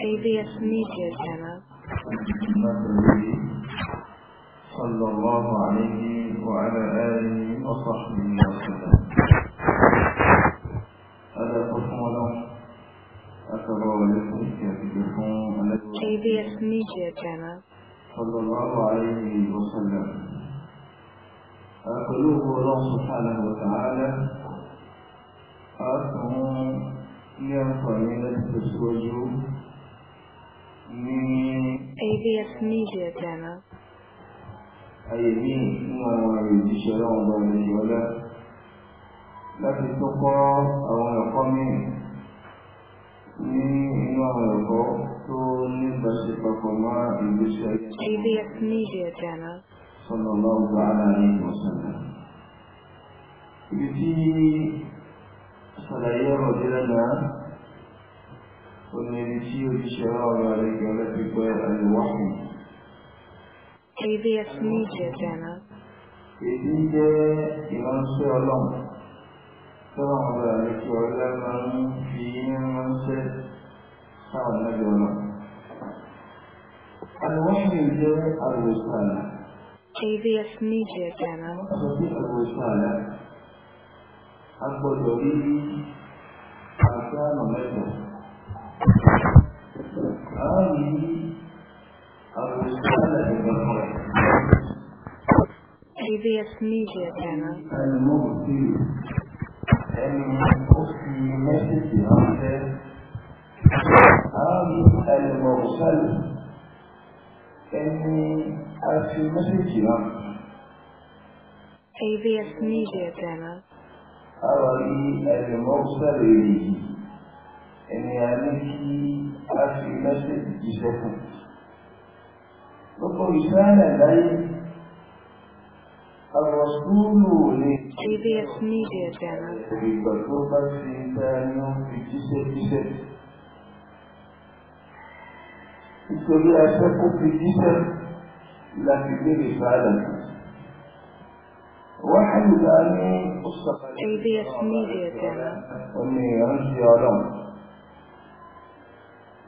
ABS Media Channel. صلى الله عليه وعلى آله وصحبه وسلم. هذا قسم ABS Media Channel. صلى الله عليه وسلم. قلوب الله سبحانه وتعالى أرسلهم ní àǹfààní láti Hum. ABS Media Channel. Aí nínú uma ìjíṣẹ́ ọlọ́run bá lè yọlá láti tó a àwọn ẹ̀kọ́ míì não inú àwọn ẹ̀kọ́ tó não ìbáṣe papọ̀ mọ́ ìgbésí ayé. ABS Media Channel. Sọ̀rọ̀ não wà láàrin ìwọ̀sánná. Ibi tí sàlàyé ọ̀rọ̀ dé AVS Media Channel. Èdè jẹ́ ìránṣẹ́ ọlọ́run. Sọ́run ọba àlejò ọlá máa ń fi ránṣẹ́ sáà lọ́jọ́ ọlọ́run. Àlùwọ́sìn jẹ́ àlùsàlà. AVS Media Channel. Sọ pé àlùsàlà. A gbọ́dọ̀ rí àṣà àmọ̀ mẹ́ta. هذه الرسالة البشرية ABS Media Channel. المرسل اني ارسل مسج ABS Media Channel. أرى المرسل إليه إني أملكي أسئلة الجسد رسالة لي الرسول TVS Media Channel بالضبط في ثاني في جسد جسد يقول أشك في جسد لكن رسالة واحد ثاني ABS Media Channel وإني أمشي على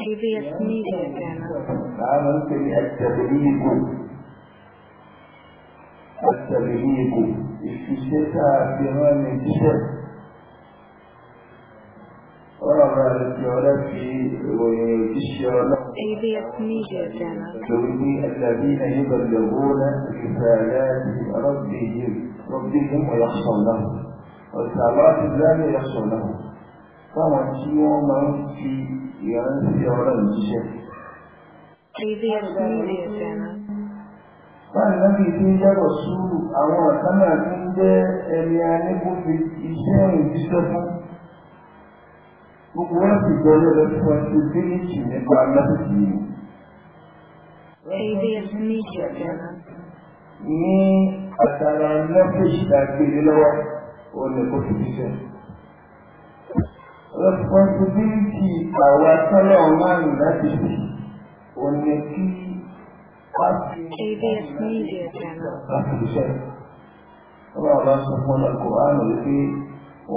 تدريبية ميديا كان ممكن التدريب التدريب الشتاء كمان الشتاء ورغم الاستعلاء في الاستعلاء الذين يبلغون رسالات ربهم ربهم ويحصل لهم والثمرات لا يحصل لهم طبعا شيء ما في ìrántí ọlọ́run jíṣẹ́. Báyìí náà kìí fi ń jábọ̀ sùúrù àwọn ọ̀tá náà fi ń jẹ́ ẹni anébófi iṣẹ́ ìjíṣẹ́ fún. Gbogbo wọn sì gbọ́ lọ́dọ̀ tí wọ́n ti dé ìjì nípa lásìkò yìí. Ní àtàrà náà fèsì dàgbére lọ́wọ́, òun ni kò fi jíṣẹ́. responsibility àwa tọ́lọ̀ máa ń láti fi òní kí ABS Media Channel. الله سبحانه القرآن في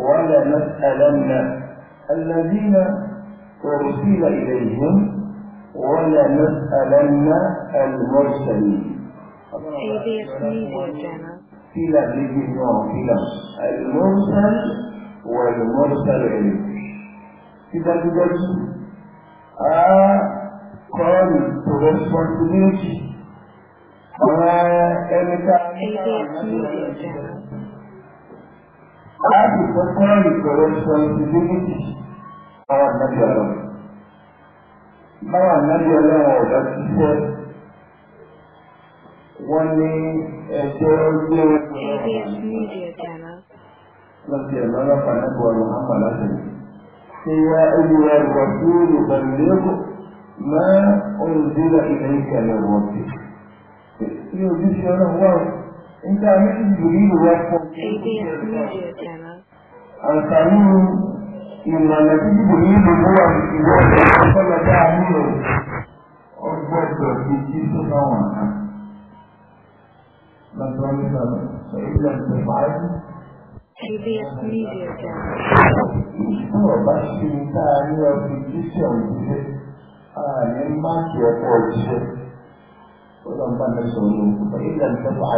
ولا نسألن الذين أرسل إليهم ولا نسألن المرسلين. ABS Media Channel. في لا بيجي نوع في لا المرسل والمرسل إليه. ti dájúdájú á kọ́ọ̀lù tó responsibility àwọn ẹni tá a ní àwọn á sì kọ́ kọ́ọ̀lù tó responsibility àwọn àgbàdì ọ̀rọ̀. Báwọn àgbàdì ọlọ́run ọ̀dọ́ ti fẹ́ wọ́n ní ẹjọ́ gbé wọn. Lọ́sẹ̀ lọ́lọ́pàá nípa ọ̀rọ̀ máa pàdásẹ̀. يا أيها الرسول بلغ ما أنزل إليك من ربك يوجد أنا هو أنت عمل جبريل أنصارين إما نبي جبريل هو الإجابة فلا تعمله أربعة في جيسة نوعها من ذلك فإن لم تفعل CBS Media Channel náà bá ṣe ní tá a ní ọdún jíṣẹ́ òjíṣẹ́ a ní máàkì ẹ̀kọ́ òjíṣẹ́ ọlọ́run bá mi sọ̀rọ̀ ló kú báyìí lẹ́nu tó bá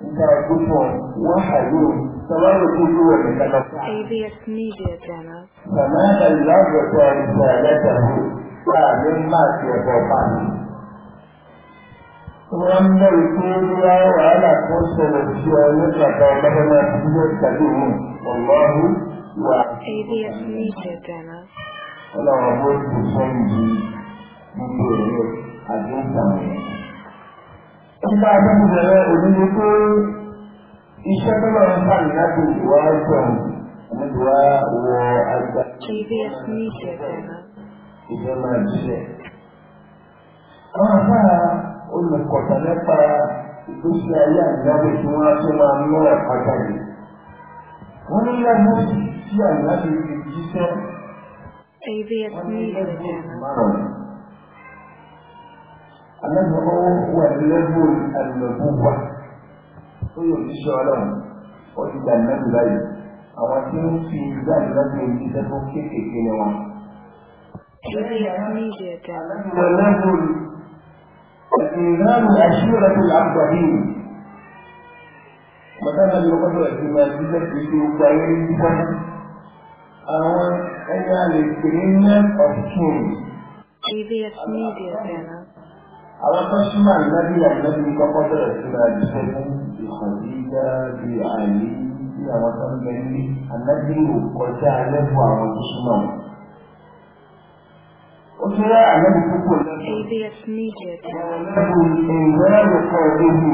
nígbà gbogbo wọn ṣàyè o sọlọ́run tó dúró ẹ̀ nígbà lọ. ABS Media Channel. Bàbá ìlànà tó ń sọ ẹ̀lẹ́tà mi tá máàkì ẹ̀kọ́ bá mi. Wọ́n ń bẹ̀rù pé wíwá wàhálà tó ṣẹlẹ̀ sí ọ nígbà tó ọlọ́dọ́ náà ti dúró tàbí òun ọ̀gbọ́n wà ABS Media Demo. Ọlọ́run bó ti sẹ́yìn ní gbogbo èrè àdéhùn Nígbà tó ti bẹ̀rẹ̀ òní ni pé iṣẹ́ tó lọ ń bá ìyáàbò ìwà ẹ̀jọ̀n nígbà wọ àgbà. ABS Media Demo. Ìjọ máa jíṣẹ́. Àwọn afárá olùkọ̀tà nípa ìgbésí ayé àgbà tí wọ́n á tún máa mú ẹ̀ka jáde. Wọ́n ní lágbóṣì tí ànábì fi jíṣẹ́. AVS Media Channel. Àlejò owó wà lẹ́gbọ̀n àlùbọ̀ wà. Ó yóò jíṣẹ́ ọlọ́run. Ó ti dà nínú báyìí. Àwọn tí ń fi ìgbàlù láti jíṣẹ́ tó kéékèèké ni wọn. AVS Media Channel. Àlejò الإيمان عشيرة الأقربين مثلا لو قدرت ما جزت في وقعين àwọn ẹni a lè pè ní men of kings. previous media channel. àwọn kọ́símà ìnábí àìnábí kọ́kọ́ bẹ̀rẹ̀ sí ra jíṣẹ́ fún ìkọ̀díjà bí àìlè bí àwọn tó ń bẹ ní ànábí ò kọjá lẹ́bù àwọn kọ́símà. ó ti rẹ́ ànábí púpọ̀ lẹ́bù. abs media channel. lẹ́bù ìwé ẹ̀kọ́ ìlú.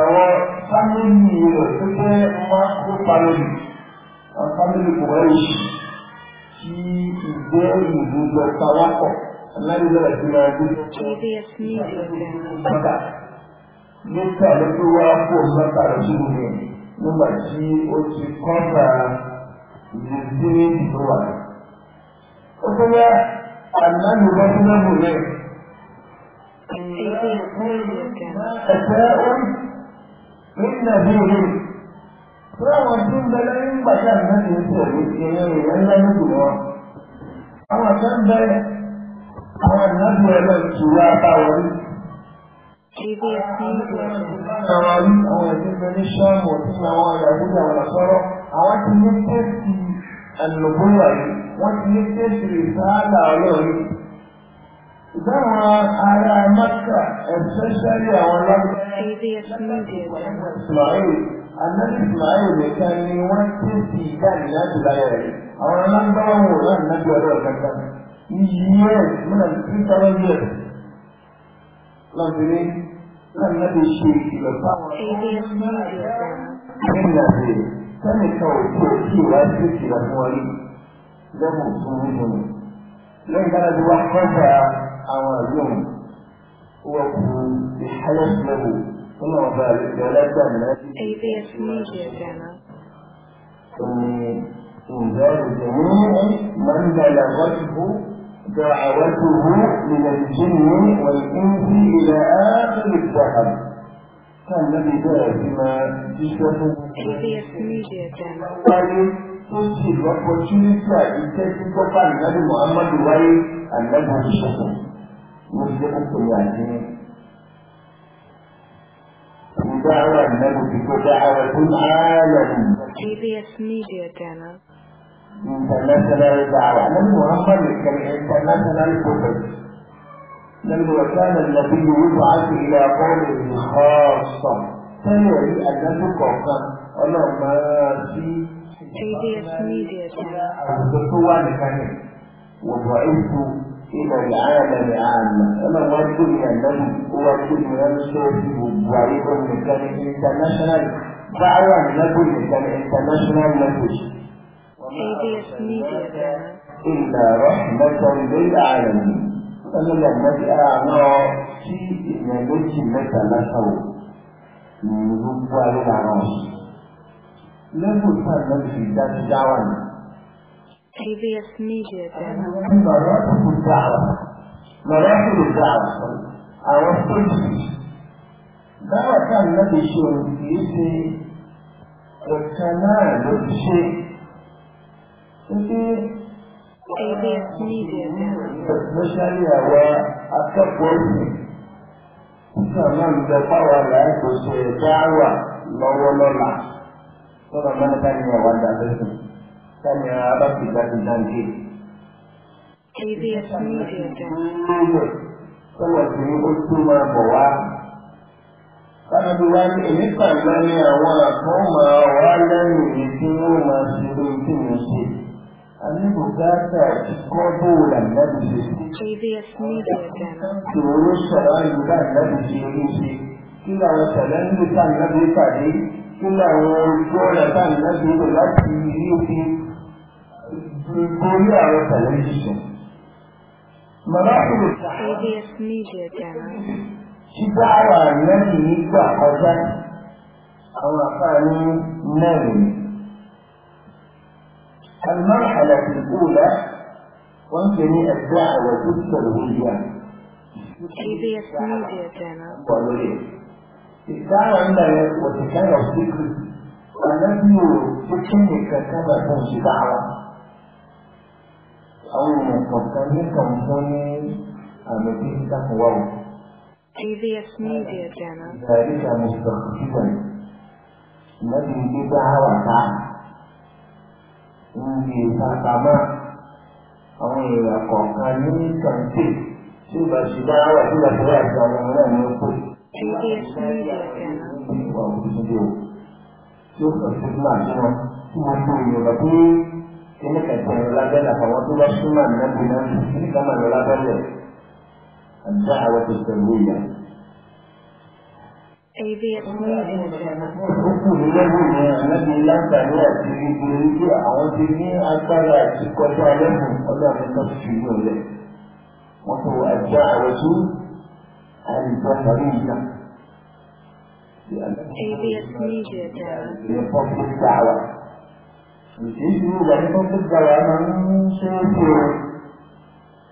Àwọn fámìlì rẹ̀ tó jẹ́ máa kó palẹ̀ yìí fámìlì kùrẹ́yì tí ìgbẹ́ ìlú lọ ta wá pọ̀ aláìní bẹ̀rẹ̀ sí máa gbé. bàtà níta ló tó wá kó bàtà rẹ̀ nígbà tí ó ti kọ́ńtà ìlú sí ìlú wa. ó tó yá àlàyé bá tó náà bò lẹ́yìn. ẹ̀fẹ́ orí ní nàìjíríà. Fúláwọn tó ń bẹ lẹ́yìn ìgbà tí àná ti ń sọ èyí ti ẹ̀yẹ ìwé ńlá lójú wọn. Àwọn kan bẹ àwọn ìnáwó ẹ̀rọ ìṣòro abáwọlé. Àwọn àrí àwọn ẹ̀sìn bẹ ní ṣọ́ọ̀mù tí àwọn ìyàwó ìyàwó sọ̀rọ̀. Àwọn ti ní tẹ́sì ẹ̀lọ́gbọ́nà yìí, wọ́n ti ní tẹ́sì ìsáàlà ọlọ́run. Ìdáwọn ará Mẹ́kà, especially àwọn lọ́gbọ́n annabi ismail nìkan ni wọ́n ti sì jáde láti láyà rẹ̀ àwọn alágbára wò láti nájú ọdọ kankan ní years mọ́nà three thousand years láti ní láti nájú ṣe ìkìlọ̀ fáwọn ìgbìyànjú sẹ́nìkan ò tí ò tí ò wá sí ìkìlọ̀ fún wọn rí lẹ́mù fún nínú lẹ́yìn dára tí wọ́n kọ́ bá àwọn àlóhùn wọ́n kú ìhálẹ́ lẹ́mù ABS Media Channel. إنذار جميع من بلغته دعوته من الجن والإنس إلى آخر الذهب كان الذي جاء بما جسده ABS Media Channel. Tóṣì lọ́pọ̀túnítì àìjẹ́ tí tọ́ka ìnáde Mùhàmmadu wáyé àgbàdo ìṣẹ̀kùn. Mo jẹ́ kókò ní àjẹyìn. دعوة إنما دعوة عالمية. PBS Media Channel. International دعوة، لم يرحل International Purpose. لأنه كان النبي يبعث إلى قومه خاصة. فيري أنه خاصة. اللهم في PBS Media Channel. الدكتور كان وبعثت إلى العالم عامة. أنا وجدني النبي هو كل من وريد من كلمة international دعوة لكل international language إلا رحمة للعالمين فلما نجأ نوع شيء نجد مثل سوء نجد للعرش لم يكن نجد ذات دعوة previous media مراحل الدعوة مراحل الدعوة our principles dáwà tá à ń lọ́dún ṣe òun kì í ṣe ẹ̀ka náà ló ti ṣe. Wípé especially àwa akẹ́kọ̀ọ́ ìsìn títà náà ń bẹ báwa láìpẹ́ ṣe dáwà lọ́wọ́ lọ́la. Sọ́dọ̀ máa ń ká ní àwa dàbẹ́sìn. Ká ní ara bá ti dá ti dáńgé. ABS Media. Sọ́wọ́ sí ó tún máa bọ̀ wá sábà wá ní èmi ní àwọn àkàn máa wá lẹ́yìn mi tí wọ́n máa ṣe lórí tí mo ṣe. Àníbò gáàsà ti kọ́ bóòlù àgbàdo ṣe sí. Ìṣòro sọ̀rọ̀ àyùbá àgbàdo ṣe orí ṣe. Kí làwọn sọ̀rọ̀ ń lò tá pàdé? Kí làwọn ojú ọ̀rọ̀ tá àgbàdo lò láti rí òfin? Gbogbo àwọn sọ̀rọ̀ ń ṣiṣẹ́. Màbá kúrò. ABS Media Channel. títà wà lẹ́yìn nígbà kọjá àwọn àfáàní mẹ́rin المرحلة الأولى ويمكن الدعوة التلوية CBS Media Channel الدعوة عندنا وتكلم ذكر الذي تكنك كما تنشي دعوة أو من قبل كان يكون هنا أمدين تقوى AVS Media Jenna. Taarifa mustaqbali التي àwọn èèyàn kọ̀ọ̀kan ní kàǹtì tí ìgbà tí dáhàwà ìgbà tí wà ti àwọn ọmọ náà ní ó pè. Ìwà òṣìṣẹ́ tí ó kàn sí máa tí wọn tí wọ́n tó ìyẹn lọ pé kíníkà tí wọn lábẹ́lẹ̀ àtàwọn tó bá súnmọ́ àmì náà bí náà kíníkà máa lọ lábẹ́lẹ̀. الدعوة التنوية أي بيت أي الله الذي أي يأتي بيده أي دينه أكثر أي لهم ولا أي له وهو الدعوة البشرية ABS أي Dawah. Jadi, أي konflik Dawah أي sesuatu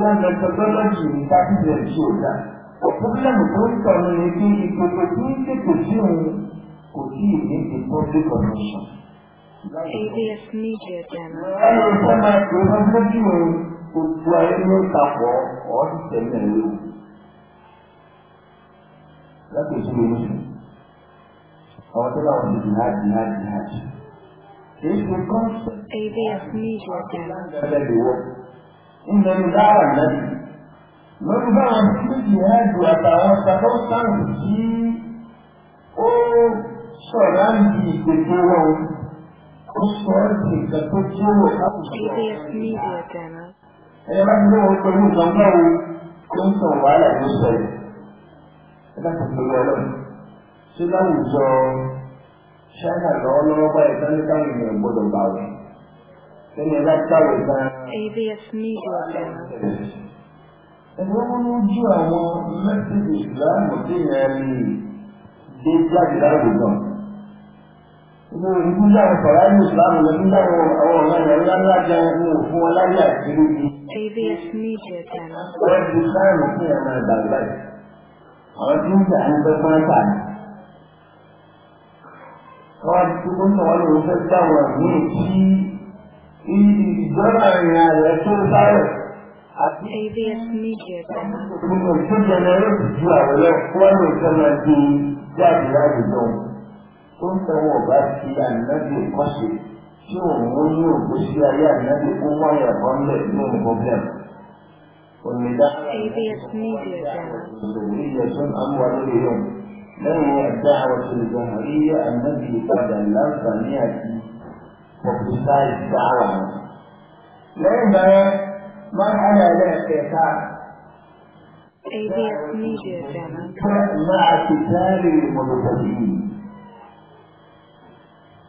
wọn lọ tọkọlọ́jì ò ì ní ti public connection. ABS tó máa pè é lójú òun gbogbo ayé ló tapọ̀ ọ̀ọ́dún tẹ̀lé ṣe ABS Media Channel. ń lẹnu dára lẹ́nu lórí báwọn méjì wọn ju àtàwọn sàkóńtàǹtì tí ó sọ̀rọ̀ àǹtí ìpèsè wọn ó sọ ọ́ sí nǹkan tó tí ó wọ̀ láwùjọ. ẹ bá ti lóun pẹ̀lú nǹkan náà tó ń tàn wàhálà ló sọ̀rọ̀ ẹ bá ti pẹ̀lú ọlọ́run ṣé láwùjọ ṣáínà lọ́wọ́lọ́wọ́ báyìí sáńdé táwọn ènìyàn gbọ́dọ̀ bá wọn. ABS Media Channel. Ẹgbẹ́ wọn ló jú àwọn mẹ́sìlì ìsìláàmù tí ìyẹn rí dé jáde láwùjọ. Ìgbẹ́ òyìnbó láwọn fàráàlì ìsìláàmù lọ sí láwọn àwọn ọ̀rọ̀ ìyàwó ńlá jẹ́ ẹgbẹ́ òfin wọn láyé àìsírí bí. ABS Media Channel. Wọ́n ti sáàmù fún ẹ̀rọ ìgbàgbà. Àwọn tí ń jà ń gbẹ́ fún ẹ̀ka ni. Wọ́n ti kúkú sọ̀rọ̀ lóun fẹ́ dáwọ̀ ní ìdí ìjọba ìrìn ààrẹ tó sáré àti gbogbo ìtújẹlẹ yóò ju àwọn lọ wọn lè fẹ́ máa di jáde láwùjọ tó ń tọwọ́ bá ti ànábì kọ́ṣe tí òun ó ní ògbésí ayé ànábì kó ABS Media وابتداء الدعوة لأن مرحلة لا استيقاظ مع كتاب المبتدئين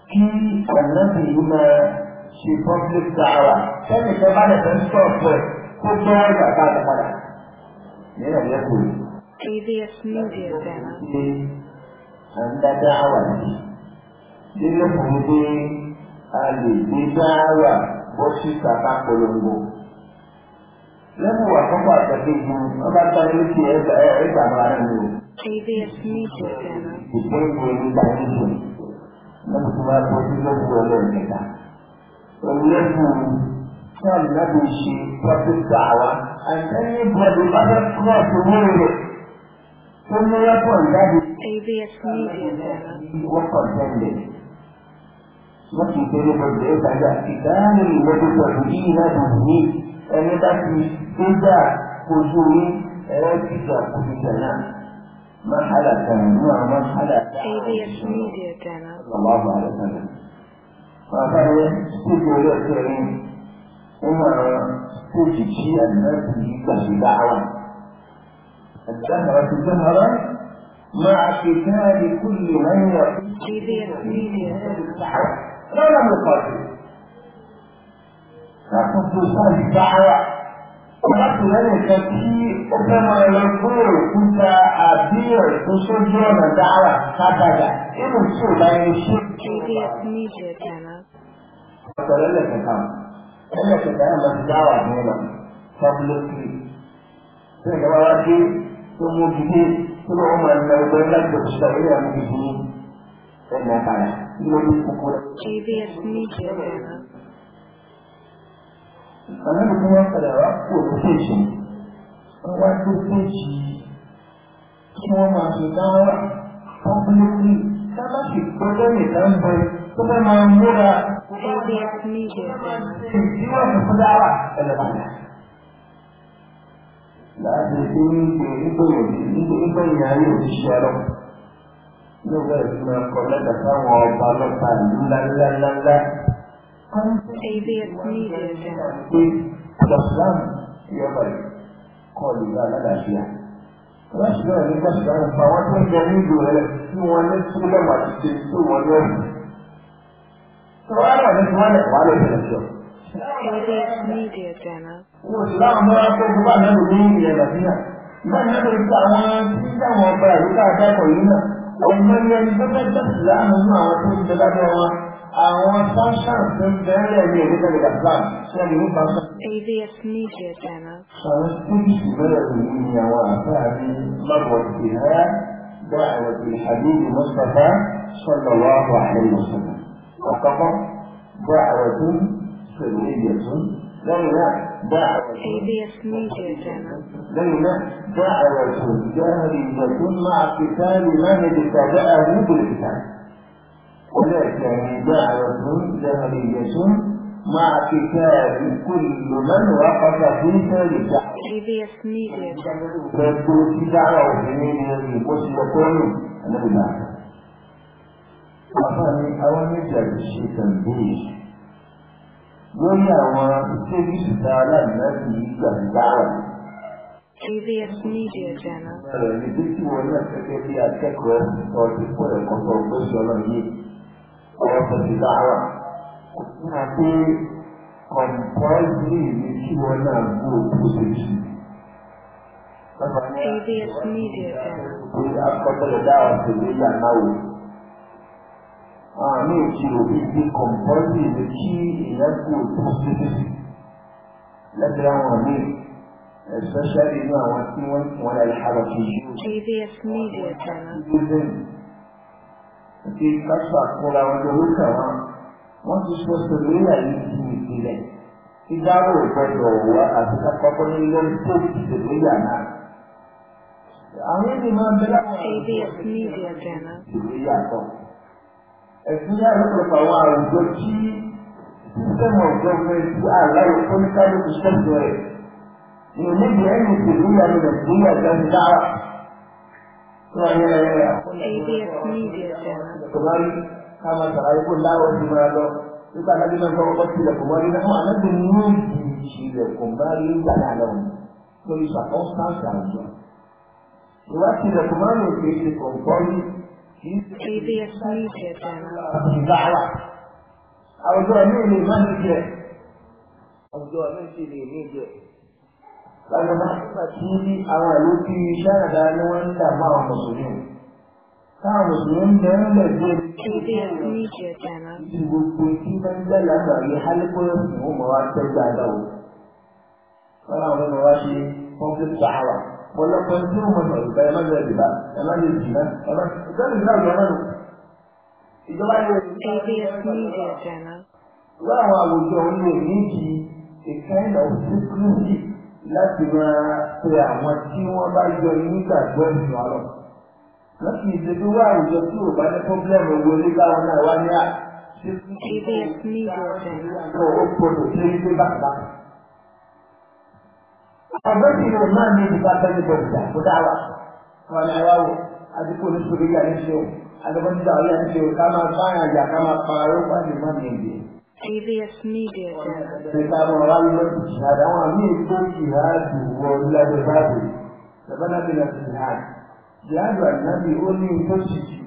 في الذي هنا في فضل الدعوة كان كمان تنصف كل هذا بعد مرة لأنه يقول AVS Media Channel. عند دعوة للمفروضين a lè gbé dáhàrà bọ́ síta ká polongo. lẹ́nu àkọ́kọ́ àtẹ̀kejì wọ́n bá tán létí ẹgbàá máa ń lò. KBS Media Channel. ìpéǹkì nígbà nígbà lẹ́nu tó bá bọ́ sí lẹ́nu ọlọ́ọ̀nìta. ẹlẹ́nu tí a lè láti ṣe public dàwa àtẹ́yẹ bọ̀dù bá fẹ́ cross owó rẹ̀. tó ní wọ́n pọ̀ jáde. Media Channel. wọ́n pọ̀ ممكن تلقى بدايتها باحتفال وتفرجين به يعني تأتي تدع كجوي تدع كجوي مرحلة نوع مرحلة سيدية ميديا كان الله عليه وسلم وكان يستيقظ يأتي إما تجي الناس دعوة الزهرة الزهرة مع قتال كل من يقول سيدية ميديا lọ́nà mi pàdé. Láti tó sáàlì dára, láti lẹ́yìn kan tí ó fẹ́ máa lọ gbé òkúta àbí ẹ̀sùn sójú ọ̀nà dára sábàdà nínú tí ò bá yẹ ṣe. Ọ̀sẹ̀ lẹ́lẹ̀kẹ̀kà, lẹ́lẹ̀kẹ̀kà yẹn lọ sí dára ní ọ̀nà publicly. Ṣé ìjọba wá dé tó mú gidi tó lọ́wọ́ máa ń lọ ẹgbẹ́ láti òṣìṣẹ́ ilé àmì ìdí ẹ̀mẹ́ta yẹn? ABS Media Network. Àwọn ìlú wọn padà wá kó lókèjì. Wọ́n wá lókèjì kí wọ́n máa fi dáwà pọ́pílókì sábà sì gbọ́dọ̀ nìkan bẹ tó fẹ́ máa múra. ABS Media Network. Ìdí wọn kò fún dáwà ẹlẹ́bàá. Láti ṣe ń gbé nígbèyàn nígbèyàn ayé òṣìṣẹ́ ọlọ́pàá nígbà ìgbà kọ̀lẹ́dà táwọn ọba lọ́ta ìlú ńláńláńlá. Àgbàsílámù ti ọba yìí kọ́ ìlú aládàáfíà. Aláṣìlẹ̀ ní Gbàsílámù pa wọ́n tó ń jẹ nílùú rẹ̀ tí wọ́n ní tí lọ́mà ti ṣe tí wọ́n ní ọ̀rùn. Tọ́wárà ní wọ́n lè wà lè bẹ̀rẹ̀ jọ. Wọ́n ti láwọn mọ́ra tó gbọ́ àná lò ní ìrẹ̀lẹ̀ níyà. Báyìí náà lè ta àwọn tí táwọn ọba ìlú káàkiri náà. ọmọ yẹn gbẹ́gbẹ́gbẹ́ láàmú àwọn tó ń bẹ lábẹ́ wọn àwọn sáṣà tó ń bẹ̀rẹ̀ ní èdè tẹ̀lé gàdúrà tí wọ́n lè ní bàtà. AVS Media Channel. Sọ̀rọ̀ tí ìbẹ̀rẹ̀ yìí ni àwọn àfáàrí lọ́wọ́ ti rẹ̀ دعوة الحبيب مصطفى صلى الله عليه وسلم وقفت دعوة سرية لنا دعوة دعوة جاهلية مع قتال من ابتدأه بالقتال ولكن يعني دعوة جاهلية مع قتال كل من وقف في ذلك فيكون في دعوة جميلة لمسلم النبي الأعلى وفهم أوامر الشيطان به lórí àwọn ìṣèlú tá a láìlá sí ìgbà ìdáhùn. KVS Media Channel. Ẹ̀rọ ìdí tí wọ́n náà gẹ́gẹ́ bí akẹ́kọ̀ọ́ ọdún pọ̀ ẹ̀kọ́ tó gbé sọ́nà yìí ọwọ́ tó ti dáhùn. Kò sí wọn pé kọ̀m̀pọ́ìsì ìlú tí wọ́n náà gbó òkú lójú. KVS Media Channel. Akọ́tọ̀lẹ̀ dáhùn sí ìlú náà wò àmì ìṣirò ibi kọ̀m̀pọ́lì ní kí ìyẹ́kù tó títí lẹ́gbẹ̀ẹ́ àwọn míì especially inú àwọn tí wọ́n ti wọ́n láyé hàlọ́ kì í JVS Media Channel. Ti kásá fúnra wọn ló ń kà wọ́n. ti sọ sọ̀rọ̀ yìí ti ìpìlẹ̀. Ìdáwó ìgbọ́dọ̀ wá àti kápákọ́ ní ilé tó ti sọ̀rọ̀ yà náà. Àwọn ènìyàn máa ń bẹ́lá wọn. JVS Media Channel. Ìwé yàtọ̀ ẹ̀sìn náà ló pẹ̀lú àwọn àwùjọ tí system of government tí àláwọ̀ pọ́lítàlù ti ṣẹ̀ṣẹ̀ rẹ̀ ìrìn níbi ẹ̀yìn ìṣèlú ìyàwó nàìjíríà jáde dára. Kòmárì ká máa sàlàyé kó láwọ̀ ti máa lọ nígbà náà nínú ọgbọ́n ọgbọ́n tilẹ̀ kòmárì náà wọ́n àná ti ní ìdí ìṣẹ̀lẹ̀ kòmárì nígbà náà lọ lórí circumstance àwùjọ. Ìwádìí ilẹ̀ kòmárì ò kì í ṣe kọ̀ǹkọ́rì كيفية ميزة دعوة أو دعوة ميزة ميزة أو دعوة ميزة ميزة lọ́dọ̀ máa nígbà tí àwọn ìlú bí iṣẹ́ àdá ni wọ́n ń dà bá àwọn mùsùlùmí táwọn mùsùlùmí ń bẹ̀rẹ̀ lẹ̀ bí ẹni gbogbo tí wọ́n ń bẹ̀ lágbàáyé hálíkóyọ̀ fún ọmọ wa tẹ́gbà lọ́wọ́ wọ́n láwọn ọmọ wa ṣe public power wala pẹ̀lú mọ̀tò ìgbà ẹ̀ máa ń yọrí bá ẹ̀ máa ń yọrí jìnnà ẹ̀ máa ń ìjọba ìjọba náà lò. ìjọba yóò ní ìjọba wọ́n àwọn àwùjọ orí èmi di a kind of secrecy láti máa pe àwọn tí wọ́n bá yọ nígbàgbọ́ ìsìn ọ̀rọ̀. láti ìdèdè wá àwùjọ tí ò bá ní pọ́blẹ́mù owó ní báwọn náà wá ní à. ṣé kí ó gbọ́dọ̀ ṣe é gbé bàbá. àbẹ́sì yóò máa ní ìdìbò abẹ́lẹ́gbẹ̀ ìjà kó dáwà wọn ni wá wò àdìpọ̀ oníṣòwò yà ní ṣe o àdìpọ̀nìjà ọ̀yà ní ṣe o ká máa bá àyàn jà ká máa pa aró pàdé má ní ìdè. AVS Media Center. Ìta mọ̀ wá lọ àdáwọn àmì ètò ìhádù wọ lẹ́dọ̀ báàbò lẹ́bọ̀nà bí lọ sí ìhádù. Ìhádù àdìnábì ó ní ìtọ́ ṣìṣì.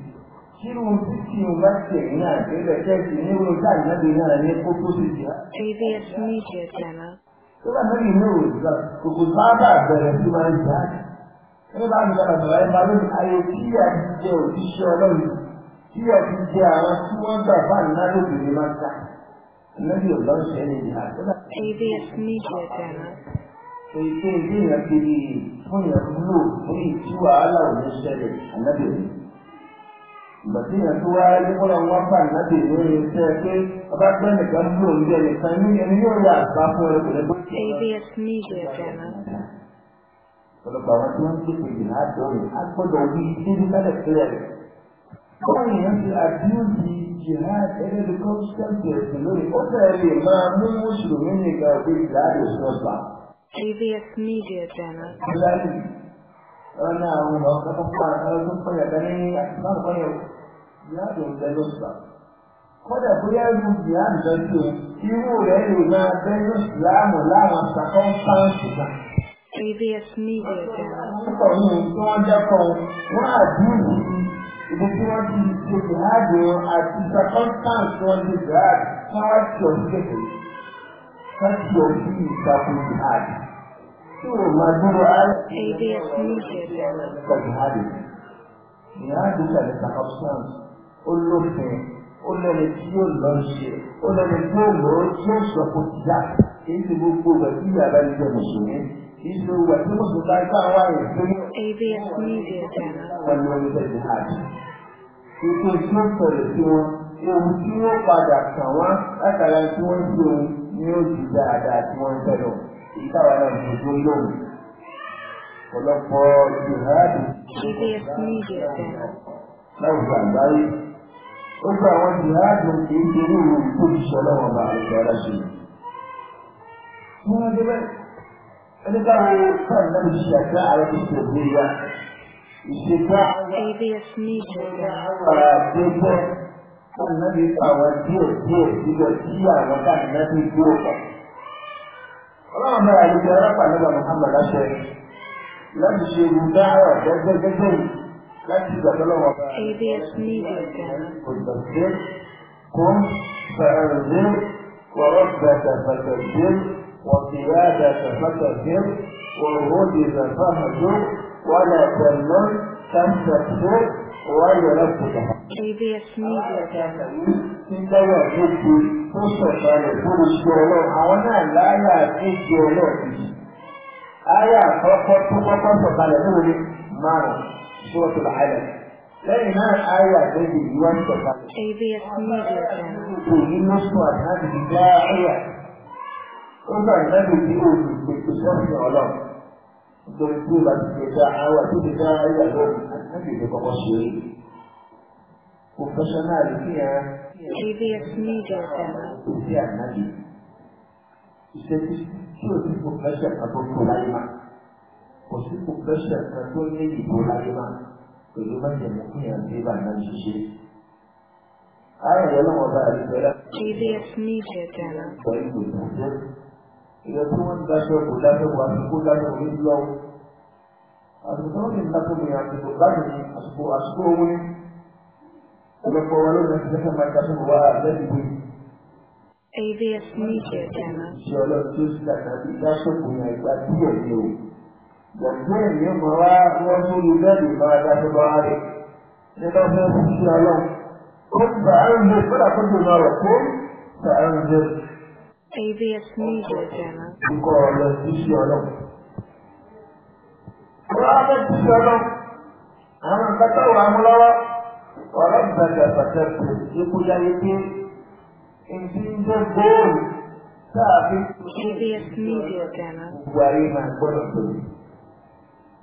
Kírú títí o bá tẹ̀ ní àgbélẹ̀ kẹ́ẹ̀sì ní orí táàgbẹ́bí náà ní kókó ṣìṣì. AVS Media Channel. Sọ́dọ̀ lórí inú òòlù kòkò sábà bẹ̀rẹ̀ sí máa ń jà. Ẹni bá ń jẹ àgbàlá ẹ̀ máa lórí ayé tí ẹ̀ ti jẹ òṣìṣẹ́ ọlọ́run tí ẹ̀ ti jẹ àwọn tí wọ́n gbà bá ní láti òbèrè máa ń jà. Lẹ́bí ò lọ́n ṣe ẹni ìhà. ABS Media Channel. Èyí tí ìdí ìrìnàkiri fún ìrìnàkúrò lórí ìtú wàhálà òní ṣẹlẹ̀ ànábìrin bàtí yẹn tó wáyé nígbọ́dọ̀ wọn bá nàbì lórí iṣẹ́ pé ọba gbẹ́ nìkan ló ń jẹ nìkan ní ẹni yóò rí àgbá fún ẹrù rẹ bó ti yẹ. ọ̀pọ̀lọpọ̀ àwọn tí wọ́n ń gbèsè yìí ládọ́rin á gbọ́dọ̀ wí débi sálẹ̀ sílẹ̀ rẹ̀. báwọn èèyàn ti àdúrósì jihad ẹgbẹ́ bí kò sẹ́ǹtì ẹ̀sìn lórí ó fẹ́ẹ́ máa mú mùsùlùmí nìkan òbí ìlàdì ìṣọ̀bà. AVS Media Channel. Ọ̀nà ọ̀gá tó pààyàn tó pààyàn jihad ń bẹ lọ́sà kọ́dà bóyá irú jihad bẹ́ẹ̀ tó irú rẹ̀ lè máa bẹ́ ní ìsìláàmù láwọn àtàkùn fáńsì náà. previous media channel. púpọ̀ nínú tí wọ́n dẹ́kọ̀ wọ́n àdúrà ibi tí wọ́n ti ṣe jihad wọn àti circumstance wọn ti jihad fún àti ọ̀sẹ̀kẹ̀ láti ọ̀sẹ̀ ìtakùn jihad. tí wọ́n máa dúró ayé. previous media channel. jihad jihad is a circumstance ó lófin ó lẹ́ni tí yóò lọ ṣe ó lẹ́ni tí yóò lọ tí yóò sọ kò tí yá èyí ti gbogbo ìgbà tí ìyá bá jẹ mùsùlùmí kì í ṣe ìgbà tí mùsùlùmí bá gbà wá rẹ̀ pé ABS Media Channel. wọ́n ní wọ́n ń tẹ̀sí hajj. ètò ìṣó sọ̀rọ̀ sí wọn ewu tí wọ́n padà kàn wọ́n látara tí wọ́n ń ṣe ni ó di dáadáa tí wọ́n ń lọ. èyí táwa náà ń dojú lóhùn. ọ̀pọ̀lọpọ̀ ìhádìí. Media Channel. láwùjọ àgbáyé ó gba àwọn jìhádù kìí ṣe ní ìlú tó ti ṣe ọlọ́wọ́ bá ẹ̀ṣẹ̀ ara ṣe. Wọ́n débẹ̀ ẹni báwo káàdì náà ṣe àṣà àwọn ìṣẹ̀ ìgbéga. Ìṣèkà àwọn àgbẹ̀gbẹ̀ káàdì náà ní àwọn díẹ̀ díẹ̀ síbẹ̀ tí àwọn káàdì náà ti gbé ọ̀pá. Ọlọ́run náà àlejò arápàdé bàbá Muhammad láṣẹ láti ṣe ìrù dáhà gẹ́gẹ́ yìí. ABS Media Channel. قم فأنذر وربك فتكبر وثيابك فتكبر والغدر فاهجر ولا تمن تستكثر ولا تكبر. ABS Media Channel. nígbàgbà tó ṣe tó sọ̀kalẹ̀ fún oṣù ọlọ́run àwọn náà láyà méje ọlọ́run. Ayà àkọ́kọ́ tó kọ́kọ́ sọ̀kalẹ̀ lóore márùn-ún. سورة العلم ABS Media Channel. Ọba ìlànà tí ó ti pèsè sọ́ọ̀sì ọlọ́run nítorí tí ó bá ti pèsè àwọn tó kò sí kò fẹsẹ̀ kan tó ní ìbò láyé máa pẹ̀lú májèmú fún yàn tí bá Media Channel. Pẹ̀lú ìgbésẹ̀ jẹ́ ìyẹn tí wọ́n ń dáṣọ kò dáṣọ wà ní kó dáṣọ orí lọ. Àtúntò ní ìdájọ́ mi àtúntò báyìí ni àsìkò àsìkò owó ní. Ọ̀pọ̀lọpọ̀ wọn ló ń Media Channel. Ṣé ọlọ́run tí ó sì dàgbà bí gbọ̀ngbọ̀n ènìyàn mọ̀ wá wọ́n ní orí bẹ́ẹ̀lì ìfaradà tó bá wá rẹ̀ nígbà tó ń fi ọlọ́run ó ń gba àrùnjẹ kódà tó dùn ọ̀rọ̀ kó gba àrùnjẹ. AVS Media Channel. Ikọ̀ ọ̀rọ̀ ti fi ọlọ́run. Àwọn abẹ́ ti fi ọlọ́run. Àwọn nǹkan tó wà mú lọ́wọ́. Ọ̀rọ̀ ìgbàgbà pàtàkì ikú yáyé pé ìdí ń jẹ́ góòlù sáà fi. Media Channel. Gbogbo máa gbọ́dọ̀ pẹ̀lú.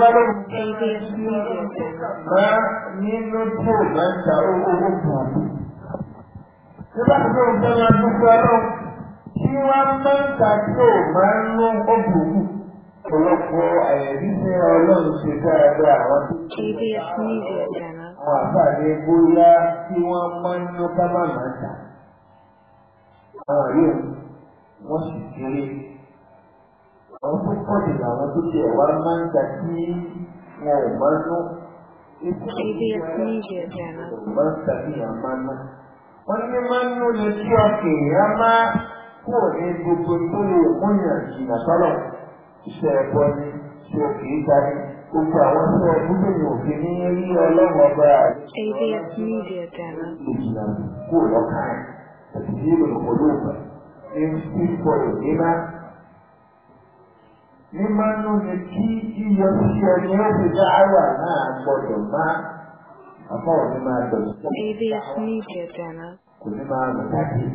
lọ́wọ́ kéèké sí máa nínú tó máa ń ta owó gbogbo. Nígbà tí ó fẹ́ máa dúpẹ́ ọlọ́run, tí wọ́n máa ń ta tí ó máa ń lọ ọ̀gbọ̀gbù. Ọ̀pọ̀lọpọ̀ àyẹ̀rí ní ọlọ́run ṣe dáadáa àwọn tó àwọn àbáyé bóyá tí wọ́n máa ń lọ ká má máa tà. Àwọn yóò wọ́n sì kéré àwọn tó kọ́lé làwọn tó tiẹ̀ wá máa ń gbà tí wọn ò máa ná. Máa ń ṣàfihàn máa ná. Wọ́n ní máa ń ná ni kí ọkùnrin á máa kúrò ní gbogbo tó lè múyàn jìnnà sọ́lọ̀. Iṣẹ́ ẹ̀kọ́ ni ṣe kì í ta ni. Gbogbo àwọn tó ẹ gbúdọ̀ yóò fi ní rí ọlọ́run ọba ìjìnà kúrò lọ́kàn ẹ̀. Ẹ̀sìn ìlú olóògbà ń fi pọ̀ ìdí máa. mímọ́ nù ni kí yíyọ sí ẹni ó fi dá àwà náà gbọdọ̀ má àfọwọ́ ní máa dọ̀ sí ọ̀hún. kò ní máa rìn káàkiri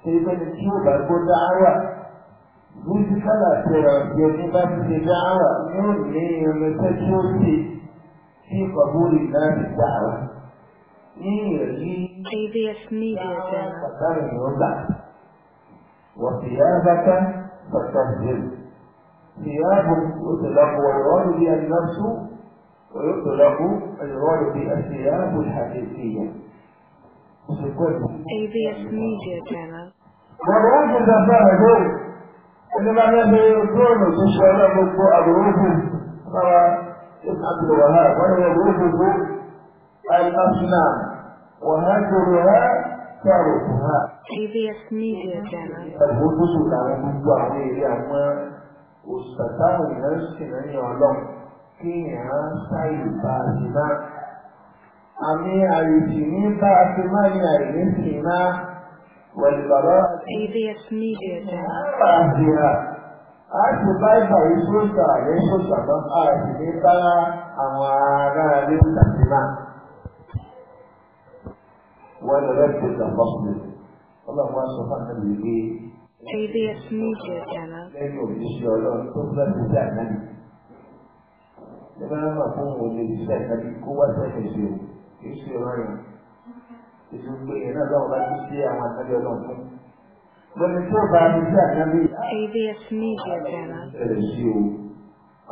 ṣé ibẹ̀ ni tí ó bá gbọ́ dá àwà lójú kálà tẹ̀rọ yẹ ní bá ti ṣe dá àwà ní ó ní irinṣẹ́ tí ó ṣe sí ìkọ̀bórí náà ti dá àwà. ní ìrẹ̀lí KBS Media Channel. pàtàkì ló gbà wọ́n ti yára bá ká pàtàkì lè. ثياب يطلق ويراد بها النفس ويطلق ويراد بها الثياب الحقيقية ABS Media Channel والرجل ده بقى اللي معناه بيكونوا تشغلوا بكو أبروكم طبعا ابن عبد الوهاب ولا الأصنام وهجرها تعرفها ABS Media Channel táwọn èèyàn ń sìn lẹ́yìn ọlọ́run kí èèyàn sáì bá a sì máa. àmì àrètí ní bá a fi máa ní àìní sì máa wẹ̀lú bàbá AVS Media Channel. a ti bá ìbàwí sóòtà àyè sóòtà náà a sì ní bá àwọn ará ilé ìtàkì náà. wọ́n lọ rẹ́ pé ìtàn bọ́ọ̀lù ọlọ́run wá sọ fún àtàlẹ́ yìí ABS Media Channel. Lẹ́yìn Media Channel.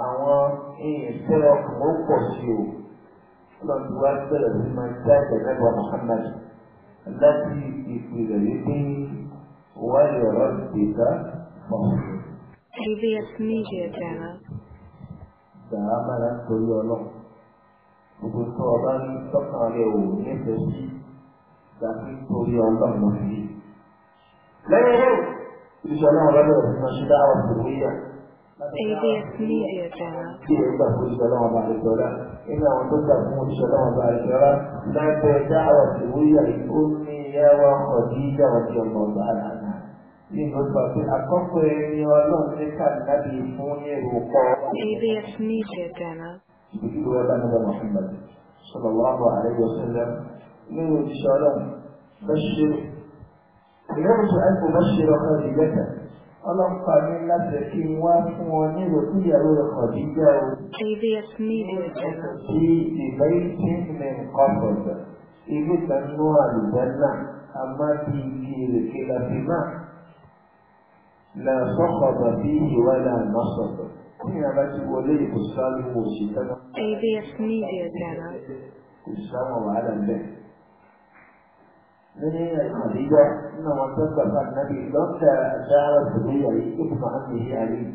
àwọn èèyàn tẹ́lẹ̀ ọkàn ó pọ̀ ṣe o. Ọlọ́run ti wá bẹ̀rẹ̀ sí máa já ìtẹ̀lẹ́gbọ̀ Mùhàmmad láti ìpìlẹ̀ yìí ولربك فاصبر KBS Media Channel. Dàámàlà torí ọlọ́run. Gbogbo tó ọba ní tọ́kàn rẹ̀ ò nífẹ̀ẹ́ sí dàbí torí ọlọ́run lọ sí. Lẹ́yìn náà, ìṣọ̀ náà lọ́dọ̀ ìṣúná ṣe dáwọ̀ ABS Media Channel. Kí ẹ gbà fún ìṣọ̀ náà bá àlejò ọ̀la. Nínú àwọn tó gbà fún ìṣọ̀ náà bá àlejò ọ̀la, lábẹ́ dáwọ̀ ìkó ní ìyá wa Khadija ọ̀dí ọ̀gbọ̀n bá àlá. CBS Media Channel. صلى الله عليه وسلم من إشارة بشر يرجو أن أبشر خديجة الله قال من نفسك وافوني وفي خديجة KBS Media Channel في بيت من قصد إذا تنوى الجنة أما في كيل كلا في معنى لا سقط فيه ولا نصب هنا بس وليه كسام بي ABS Media Channel كسام على البيت من هي الخديجة إنما صدق النبي لم تشعر الصبية ابن عنه علي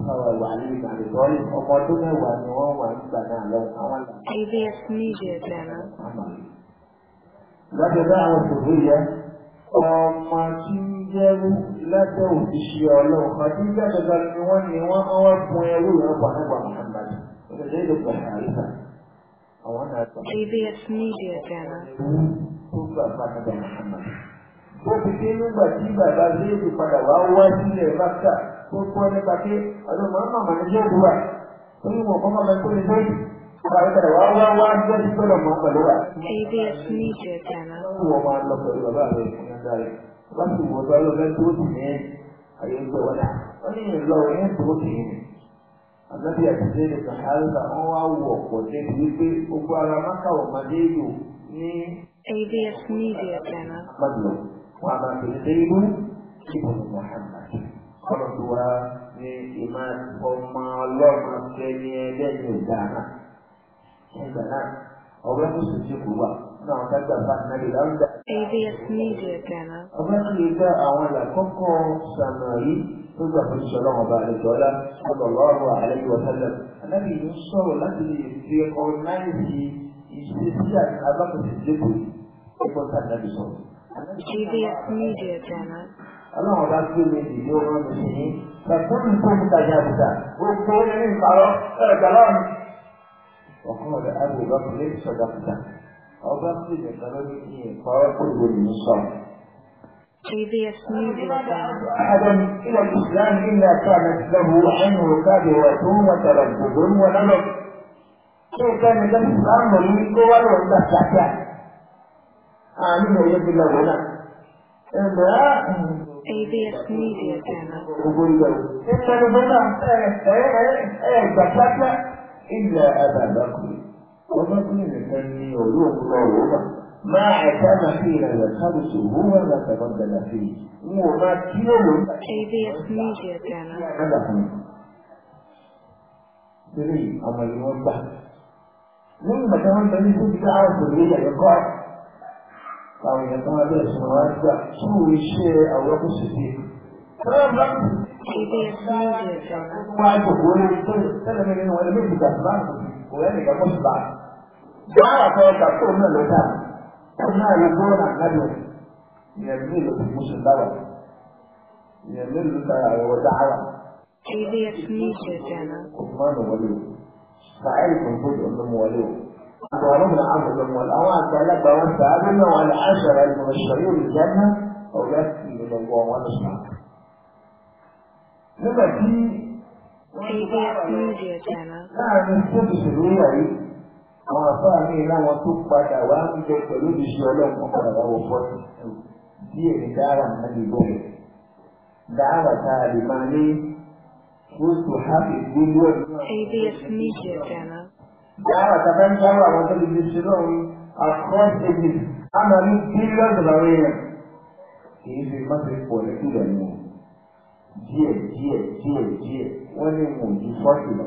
هو وعلي بن هو طالب أمرنا وأنواع وعندنا لو عمل ABS Media Channel لكن دعوة الصبية أما تنجبوا lábẹ́ òṣìṣẹ́ ọlọ́run àti ìjàdọ̀gba ni wọ́n ní wọ́n máa wá fún ẹrú ìran pàápàá Muhammad ọ̀dọ̀dẹ́ ìlú pàṣẹ àríkà àwọn náà tọ́. ABS Media Ghana. tó gbà pàápàá Muhammad. ó ti dé nígbà tí bàbá zéèdù padà wá wá sílẹ̀ bàtà tó kọ́ nípa pé ọdún mọ́mọ́ mọ́ ní zéèdù wà ó ní wọn kọ́ mọ́ mọ́ tó ní zéèdù. Àwọn ìpàdé wá wá wá jẹ́ ìpẹ́lẹ̀ mọ́ pẹ̀lú wa. ABS Media Ghana. Wọ́n máa lọ pẹ̀lú bàbá rẹ̀ ní lásìkò ọ̀dọ́ ọlọ́run tó ti ní ayé gbé wọn ní ìlọ ẹ̀yìn tó ti ní. àgbàdì àtijọ́ ilẹ̀ sàhálà wọn wá wọ ọ̀pọ̀ débi wípé gbogbo ara máka ọ̀mọdé lò ní. ABS Media Channel. Gbàdúrà wọn àgbà tòlẹ́ dé ibú ibù Muhammad. Kọ́lọ̀ tó wá ní ìmọ̀ ọmọ ọlọ́mọ tẹ́ni ẹlẹ́yìn ìdáná. Ẹgbẹ̀ náà ọ̀rẹ́ mùsùlùmí kò wà. ABS Media Channel. ọgbẹ́ náà lè dá àwọn ìlàkọ́kọ́ sàmàrí tó gbà fún ìṣọ̀lá ọba àlejòọ́lá ọlọ́ọ̀rọ̀ àlejò ọ̀tẹ́lẹ̀. anábì ń sọ̀rọ̀ láti lè fi ọ̀nàìsì ìṣesí alákòóso ẹ̀kọ́ sàdábì sọ̀rọ̀. ABS Media Channel. ọlọ́run bá gbé mi dìde ọmọ mi sí ní ṣàkóso tó ń tajà àbúta gbogbo ẹni ìparọ́ ẹ̀ẹ́dàlọ́run. ọkùnrin àbúrò lọ́kùnrin sọ̀dọ̀ àbúta. Uh, أحد إلى الإسلام إلا كانت له عين وكابرة وتردد ونظر كيف كان ده الإسلام مريض ولو ده سكت آمين يد الله هنا ABS Media Channel. إلا أبا بكر ومن الفني ولوم قوم ما كان فينا الخمس هو ما تبدل فيه وما كيلو ABS Media Channel سري أما يوم بحث لما كمان بني كنت تعرف بالليل يقع أو يقع به سنوات سوء الشيء أو يقص الدين ABS Media Channel وعندك ولا تلمين ولا بيتك بعض أنا بيتك بعض دعاء توقع كل من الوفاء كما يقول عن نبي يميل مش البلد يميل ودعوة كيفية ميشة كان عثمان وليه سعيد بن بدء بن وليه وعمر بن عمرو بن والأوان وأنت أبنا والعشرة المبشرين بالجنة أو يكفي إلى الله ونصنع لما في كيفية ميشة كان نعم نستدرس الوعي àwọn àfáà ní láwọn tó padà wá ń pẹ̀lú ìṣe ọlọ́run padà wá wọ fọ́tù díẹ̀ dára náà lè bọ̀ dára tá lè máa ní oṣù hápì bílíọ̀nù. ABS Media Channel. dára tá a bá ń dáwọ́ àwọn tó lè fi ṣe lọ́run across Egypt a máa ní bílíọ̀nù lọ́rọ̀ yẹn. kì í fi máa fi pọ̀ lẹ́kùn lẹ́nu díẹ̀ díẹ̀ díẹ̀ díẹ̀ wọ́n ní mò ń ju fọ́tù lọ.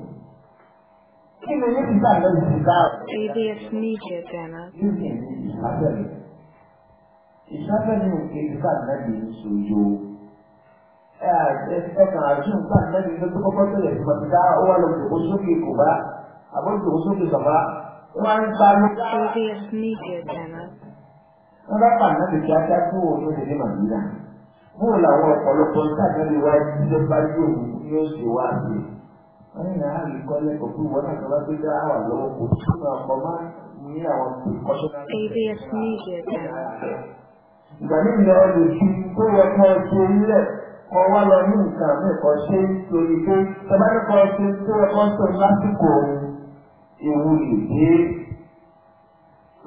ABS Media Channel. Ìsáfẹ́nu ìdíkà lẹ́bi ìṣòyò. Ẹ̀ẹ́dẹ́gbẹ̀kan àjùm ká lẹ́bi ló tó kọ́kọ́ tẹ̀lé ìpàdé ó wà lóko òṣókè kò bá àbójútó òṣókè sọ̀bá. Wọ́n ń gba ló dá. ABS Media Channel. Wọ́n bá pàdé lẹ́bi kíákíá tó wọ́n ní òṣèlú Màdúrà. Bóòlù àwọn ọ̀pọ̀lọpọ̀ sáà lẹ́bi wáyé tí ló bá yóò ní ó ṣe wá sí i wọ́n ní náà rí kọ́lẹ̀ kò fún wọn àgbà tó dá àwà lọ́wọ́ kò sí fún ọkọ̀ máa ní àwọn ìkọ́ṣọ́nà. abs media ìgbà nílò olùsí tó yẹ kọ́ ṣe nílẹ̀ kọ́ wá lọ ní nǹkan mi ṣe torí pé tọ́ba ní kọ́ ṣe tó yẹ kọ́ ṣe lásìkò ewu ìdè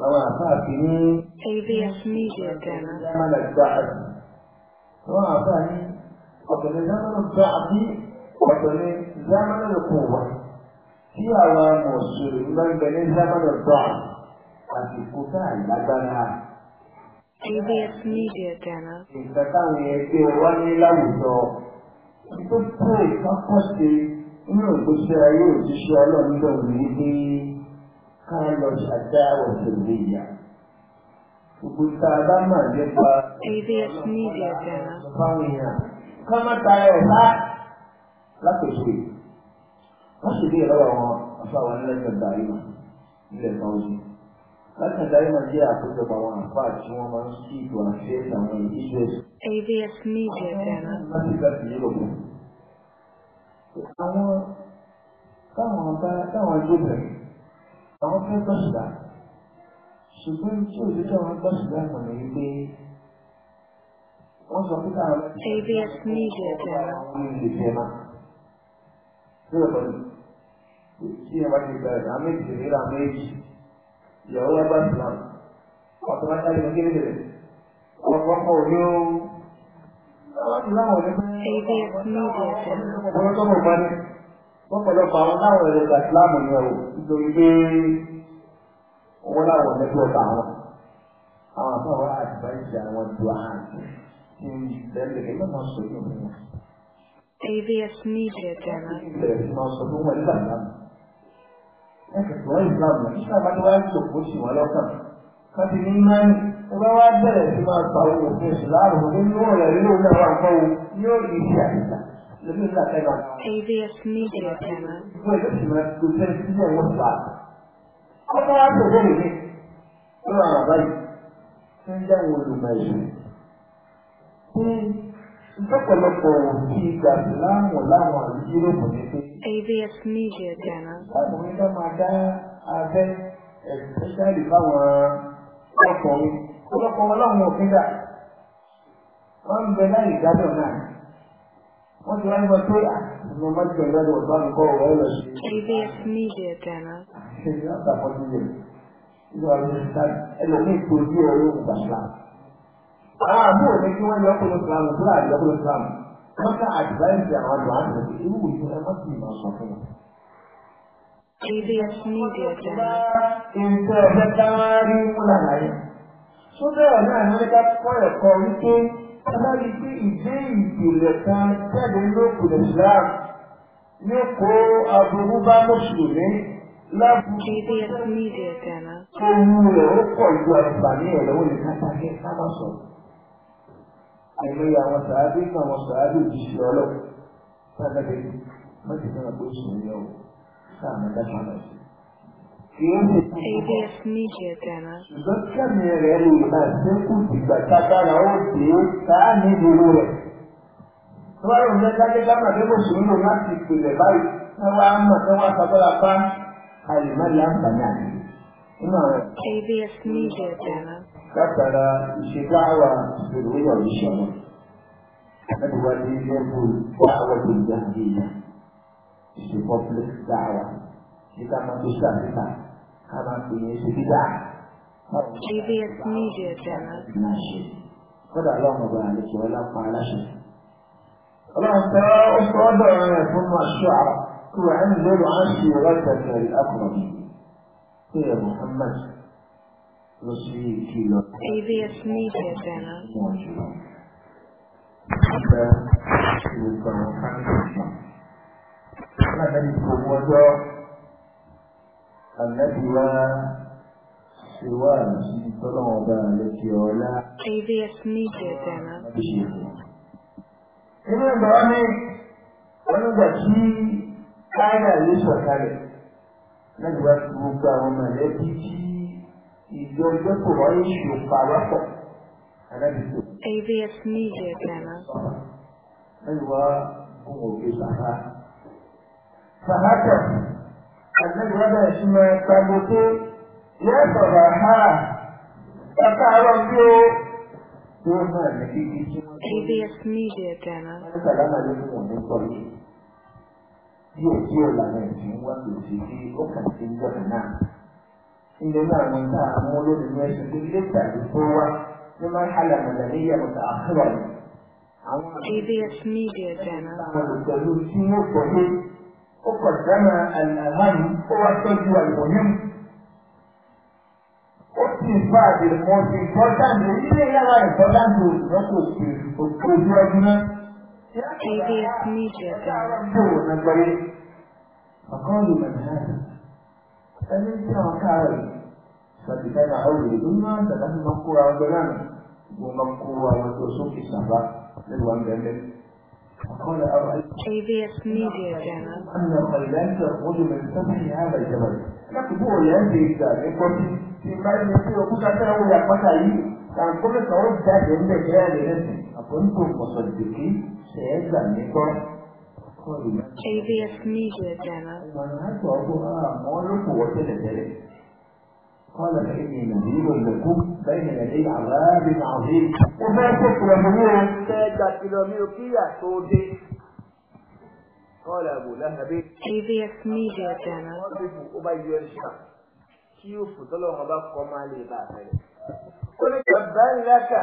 làwọn àfáàfin ní. abs media ní ọ̀gẹ̀dẹ̀ náà ló gbà bí ọ̀tọ̀ ni zamanu kò wá tí àwọn mùsùlùmí máa ń bẹ ní zamanu dọ́à àsìkò tá à lágbára. ABS Media Channel. Nǹkan táwọn ẹgbẹ́ wa ní láwùjọ tó tó ìkápọ̀ sí inú ìgbésí ayé òṣìṣẹ́ ọlọ́run lọ ní ní ká lọ ṣàdáwọ̀ Gbogbo tá a bá mà nípa. ABS Media Channel. Fáwọn èèyàn. Ká má tayọ̀ bá lápèjúwe wọ́n sì bí ìrọ̀rọ̀ àwọn afáwọn ẹlẹ́sẹ̀ dàrímà nílẹ̀ fáwọ́sì lẹ́sẹ̀ dàrímà jẹ́ àkójọpọ̀ àwọn àfáà tí wọ́n máa ń sí ìlú àfẹ́ àwọn ìṣe ẹ̀sìn. Media Channel. láti láti yé lòpọ̀. àwọn táwọn bá táwọn ẹjọ́ bẹ̀rẹ̀ àwọn fẹ́ gbọ́sùdà ṣùgbọ́n tí òṣìṣẹ́ wọn gbọ́sùdà mọ̀ ní wípé wọ́n sọ pé káwọn. AVS Media Channel tí ẹ bá ti gba ẹ̀dá méjì nílà méjì ìyàwó wa bá ti làm ọ̀tọ̀ bá sáré kéde rẹ̀ ọ̀pọ̀ kọ̀ ní o. Àwọn tó mọ̀ bani lọ́pọ̀lọpọ̀ àwọn láwọn ẹ̀rọ ni ọ̀rọ̀ nítorí pé owó láwọn nẹ́tíwọ̀tà àwọn àwọn àbáwọ̀ àti báyìí àwọn ìdùn àhàn tí ń bẹ́ẹ̀ lè lọ́mọ sọ̀rọ̀ ìwọ̀n. AVS Media Demo. Ìṣèlú wọn nígbà náà. Ẹ kẹ̀kẹ́ sí máa pa owó òfin ìṣìláàrùn ní ní òun rẹ̀ nínú náà wà gbọ́ wo yóò rí iṣẹ́ àyíká. Lómi ìgbà tẹ́lá. AVS Media Demo. Wọ́n yóò sì máa tẹ́ sí ẹ̀ wọ́n fà. Ọkọ wa tó bẹ̀rẹ̀ ní. Ó rà bàbá yìí. Ṣé ń dáhùn olùmọ̀ lọ́pọ̀lọpọ̀ òbí ìgbà láwọn láwọn àdúgbò ní pé. AVS Media Channel. Báwo ni wọ́n máa dá abẹ́ ẹ̀sẹ̀ṣẹ́lì báwọn ọkùnrin? Ọlọ́pọ̀ ọlọ́run òfin dà. Wọ́n ń bẹ láì dábọ̀ náà. Wọ́n ti wá ní wọn pé àwọn ọmọ ìjọ ìlú ọdún ọ̀gbọ́n nǹkan ọ̀rọ̀ ẹ̀ lọ sí. AVS Media Channel. Ṣé ìyá ọ̀sà kan ti yẹ? Ìyá ọ̀sà ẹlòmíì tó bí ọ̀rọ̀ àmú òde kí wọ́n yọ ọkùnrin ìsìlámù tó láàyè ọkùnrin ìsìlámù wọ́n ká àdìbáyìí àwọn àdìbá àti irú ìṣó ẹ má sì máa sọ fún wọn. ABS Media Channel. Ìṣe ọ̀fẹ́ táwọn rí Fúlàní ayé. Tó bẹ̀rẹ̀ náà ní wọ́n ká kọ́ ẹ̀kọ́ wípé alábi pé ìdé ìpìlẹ̀ kan jáde lókùn ìsìlámù yóò kó aburú bá mùsùlùmí lábùkù tó wú rẹ̀ ó pọ̀ ju àìsàn ní ẹ̀rọ ìkásáké sábà sọ̀rọ̀ àìmọye àwọn sàábì kan àwọn sàábì òjijì ọlọ́ sábẹ́bẹ́ wọ́n ti fẹ́ràn pé sùn ní ọ̀hún sáà mọ́ náà sí. ABS Media Ghana. ṣùgbọ́n kẹ́mi rẹ̀ lè máa dínkù ìgbà tágbára ó dé sáà ní ìdúró rẹ̀. tó bá yóò ń dájẹ́ dámà pé kò sùn nínú láti ìpìlẹ̀ báyìí tí mọ̀ tí wọ́n á àlè má láǹfààní àná. ABS Media Ghana. látara ṣe dáwà ìròyìn ìṣẹ̀lẹ̀ àtàdúrà ní lẹ́bù dáwà tó yá ìyá ṣe public dáwà ní ká máa tó ṣàfihàn ká máa pè é ṣe dídá. CBS Media Channel. kódà lọ́mọ bá àlejò ọlọ́pàá aláṣẹ. ọlọ́run tẹ ọ sọ́dọ̀ rẹ̀ fún màṣúà kí wàá ń lérò àṣìírọ́tẹ̀tẹ̀ akọ̀rọ̀. Ṣé Muhammad AVS Media Channel. Ọ̀pẹ Media Channel. AVS Media Channel. فهكذا الذي بدا اسمه قالوا يا صباحا تقالوا AVS Media Channel. السلام عليكم ورحمة الله. Díẹ̀ díẹ̀ làwọn ẹ̀sìn wá lòdì sí ó kàn sí ń jọ̀dọ̀ náà. إن معنى مولود الناس لسه هو في مرحلة مدنية متأخرة ABS Media Channel. وقدم الأهم هو التوجيه المهم وتنفع بالموت important إذا يلا important نقول في التوجيه هنا ABS Media Channel. فقالوا من هذا؟ එන්නේ තියෙන ආකාරයි. සත්‍යය අවුලේ දුන්නා තමයි මොකෝ ආගලන. මොනක්කෝ ආවතෝ සුඛිසබ්බ නුවන් දෙන්නේ. قال ابو الكيفيه ميديا جانا ان الطلبه خرجوا من السفينه هذا الجبل لكن هو يعني ذاك يقول في ما يصير وكذا ترى هو يقطع اي كان كل صوره ذاك عنده غير ABS Media Channel. هو لكم وكذا ذلك قال فإني نذير لكم بين يدي عذاب عظيم وما تكره منه سادة كيلومترية صوتي قال أبو لهب ABS Media Channel. أبي kí ó fò tọ́lọ́wọ́n bá kọ́ máa lè bá a fẹ́rẹ̀. ó lè jọ bẹ́ẹ̀ lẹ́kà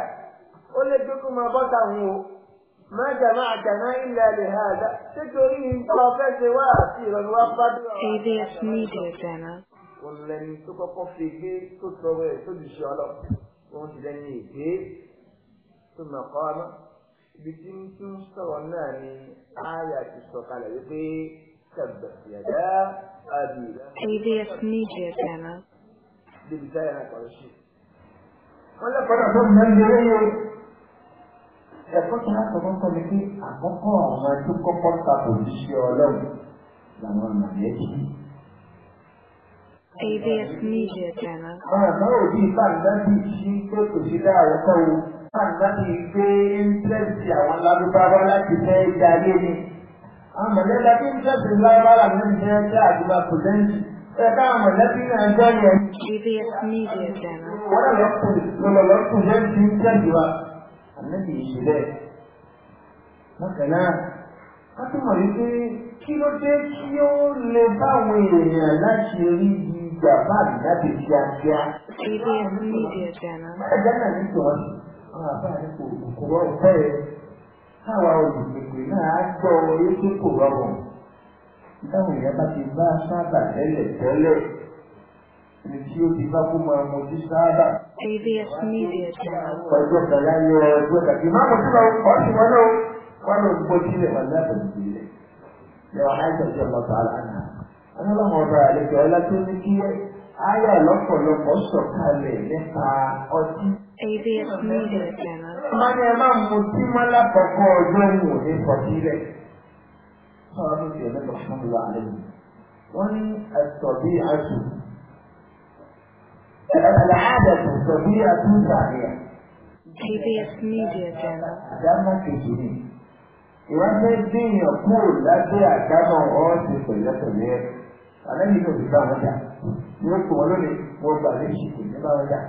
ó lè dókòó máa bọ́ta òun o. ما جمعتنا إلا لهذا تجريه طرف واسيرا وقد AVS Media Channel òun lẹni tó kọ́kọ́ fi gé tó sọ̀rọ̀ ẹ̀ tó dùsọ̀ ọlọ́ òun sì lẹni ìgbé tó mọ̀ kọ́ ọmọ ibi tí ń tún sọ̀rọ̀ náà ni àyà ti sọ kalẹ̀ wípé kẹ̀bẹ̀sì ẹ̀dá àbí ìlà. AVS Media Channel. Débi táyà náà kọ̀ ọ́ sí. Wọ́n lẹ́kọ̀ọ́ náà tó ń bẹ́ẹ̀ ní ẹ̀kọ́ tí wọ́n kọ́kọ́ kọ́ ni pé àkọ́kọ́ àwọn tó kọ́kọ́ ta kò ní ṣe ọlọ́run làwọn àmàlẹ́ kì í. ABS Media Channel. ọ̀rọ̀ náà ò bí ìbánidájú ìṣí pé kò sí dáàrọ̀ kọ́ o. ìbánidájú pé íńtẹ́ẹ̀tì àwọn lárúbáwá láti fẹ́ darí ni. àwọn mọ̀lẹ́lá bí íńtẹ́ẹ̀tì lárúbáwá làwọn ń jẹ́ jẹ́ àdúrà kò lẹ́yìn. ẹ̀ka àwọn mọ̀lẹ́bí náà jọ́ yẹn. ABS Media Channel. wọ́n lọ lọ́kùnrin lọ́lọ́kùnrin ànábì yìí ṣe bẹ́ẹ̀ bákan náà ká tó mọ̀ wípé kí ló dé kí ó lè báwọn èèyàn láti rí ibi ìgbà báàbí láti kíákíá. ilé ẹ̀mí ìdí ẹ̀jẹ̀ náà. ẹ̀jẹ̀ náà ní tòun àwọn àbáyé kò kò rọrùn bẹ́ẹ̀ káwa olùgbègbè náà á gbọ́ orí tó kò rọrùn. táwọn èèyàn bá ti bá sábà tẹ́lẹ̀ tẹ́lẹ̀. ABS Media Channel. وعائشة رضي الله تعالى عنها أنا لهم وضع عليك ولا تنكي آية لفظ لفظ kalẹ̀ nípa ọtí. ABS Media Channel. Má ní ẹ máa mú tí má lápapọ̀ ọjọ́ ìwò ní kọ̀sílẹ̀. Sọ̀rọ̀ mi ti ẹ̀mẹ́ta fún mi wà lẹ́yìn. Wọ́n ní ẹ̀sọ̀ bí àjò العادة الطبيعة الثانية PBS Media Channel. Àdámọ̀ kejì ni. Ìwádìí dínyàn kúrò lábẹ́ àdámọ̀ ọ̀hún ti pẹ̀lẹ́pẹ̀lẹ́. Àlẹ́ yìí ló fi bá wọn jà. Ní ó pè lónìí, wọ́n gbà lè ṣe ní bá wọn jà.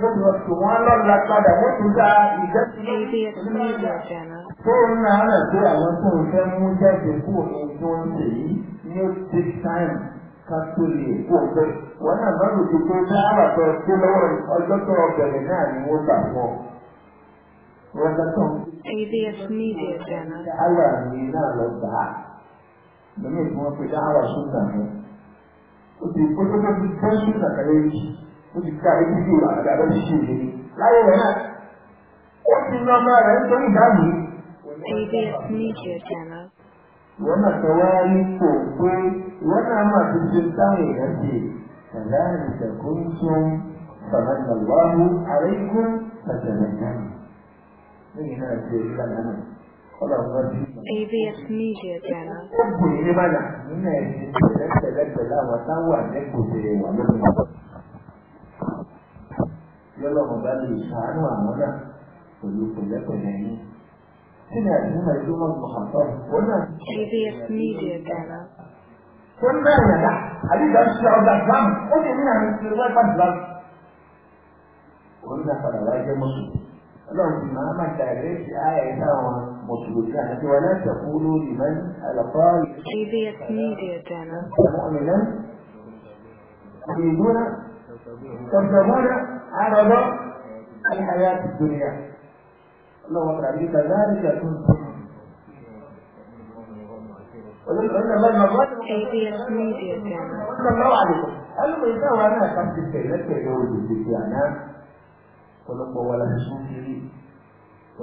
Ló ti wọ́n pè wọ́n lọ́la padà, wọ́n ti gba ìdẹ́sí. PBS Media Channel. Tó ń ra àrẹ̀ pé àwọn tó ń fẹ́ mú jáde kúrò ní tó ń ṣe yìí ní ó ti take time kátó lè kó o bẹ wọn náà má lò tó pé náírà tó o tó lọ́wọ́ ọjọ́ tó o bẹ̀rẹ̀ náà ni wọ́n gbà fọ́. ABS Media ni náà lọ gbà á. Lọ́mọ ìfún wọn pé dáhàwà sóńtà mi. Ó ti kó tó ti bọ́ sóńtà kan lórí. Ó ti ká ibi yóò àgbà lọ sí ìṣèlérí. Láyé rẹ̀ náà, ó ti lọ bá rẹ̀ nítorí ìdáàbò. ABS Media Channel wọ́n náà tó wá rí kò pé wọ́n náà máa fi ṣe táwọn èèyàn ṣe ṣẹ̀dá ìṣẹ̀kó ń tún sàmẹ́nà wáhú àríkú ṣẹ̀ṣẹ̀lẹ̀ náà. lẹ́yìn náà ṣe ìlú àná ABS Media Channel. ó gbòye ní previous media data. كل ما هي قلنا فلا لا المسلم ما تعرفش آية سوا مسلوك ولا تقولوا لمن ألقى previous media channel مؤمنا يريدون تبدون الحياة الدنيا لهم يعني كذلك كنتم قلنا الله مرات كيفية ميديا قلنا الله عليكم قالوا ما يساوي انا خمس الكيلات يجوز البيت يعني ọlọpọ wa la sùn kiri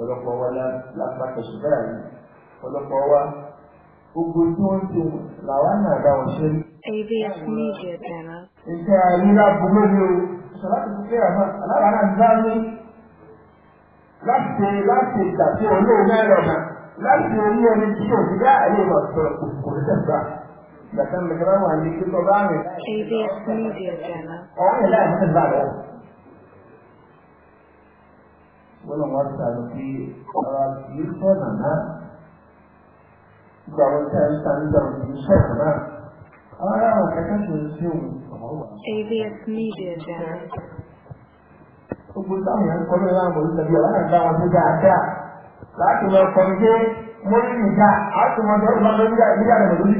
ọlọpọ wa la la pàtàkì báyìí ọlọpọ wa gbogbo tí wọn ti làwọn náà bá wọn ṣe. AVS Media Channel. iṣẹ́ àìlera bùnú ni o sọlá ti fi ṣe àmọ́ alára náà ń dá ní láti láti ìgbà tí olóògbé ẹ̀rọ náà láti orí ẹni tí òbí dá ẹ̀yẹ lọ sọ̀rọ̀ kò ní tẹ̀síwá. Gbàtà mi kẹ́rẹ́ wà ní kíkọ́ bá mi. KBS Media Channel. Ọ̀hún ìlà ìlú ìlú àlọ́. Wọ́n lọ wọ́n sàlù sí ọ̀rọ̀ kìí sọ̀nà náà. Gbogbo àwọn tí a ń ta nígbà wọn kìí sọ̀nà náà. Àwọn ará àwọn kẹ́kẹ́ tó ń ṣe òun. KBS Media Channel gbogbo táwọn yẹn ń kọ́ lóyún àwọn olùsọ̀bí ọ̀lànà ìgbà wọn tó dáadáa láti lọ kọ́ pé mo ní ìjà àti mo dẹ́rù bá lórí ìyá rẹ̀ lórí.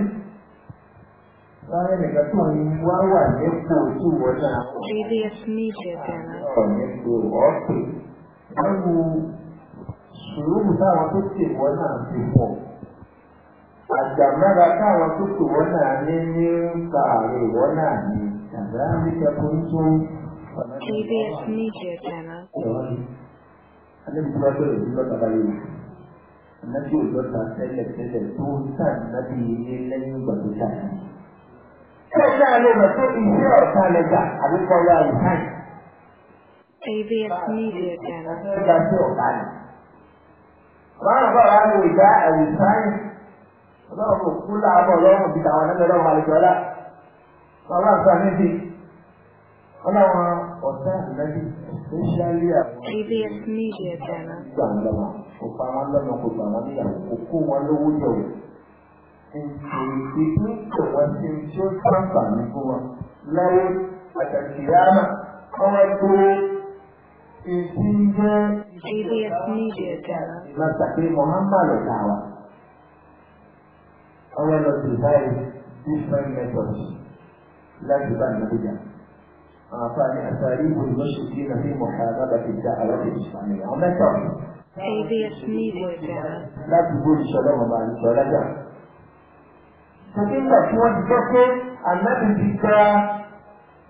Láyé nìkan tó ń wá wà lẹ́kọ̀ọ́ tó wọ́n náà. JVS Media Channel. Ọ̀nẹ́ tó ọ̀pẹ̀ lọ́wọ́ sùúrù táwọn tó tè wọ́n náà ti pọ̀. Àjàmára táwọn tó tè wọ́n náà ní ní ń fa àrùn ìwọ́n náà ní. Àgbà ń rí kẹ́kọ̀ọ́ tó ń KBS Media Channel. Ànábì tí wọ́n bẹ̀rẹ̀ ní lọ́ta báyìí ni. Ànábì ò lọ́ta tẹ́lẹ̀ tẹ́lẹ̀ tó ń tà nábì ilé lẹ́yìn ìgbà tó tà ní. Ṣé ẹ lè mọ̀ pé iṣẹ́ ọ̀tá lè gbà àbí kọ́ lọ àìsàn? KBS Media Channel. Ṣé ìgbà tí ọ̀tá ni? Báwo bá wàá lo ìgbà àìsàn? Ọlọ́run kò kú láàbọ̀ lọ́rùn bí tàwọn ẹgbẹ́ lọ́rùn àlejò ọlá. Bàbá ni? méjì. Ọlọ́run ọ̀tá Media Channel. lọ sí báyìí different methods láti bá ìnáwó jà. ثاني أساليب المشركين في محاربة الدعوة الإسلامية هناك لا تقول سلام مع البلد فكيف توجهك أن بك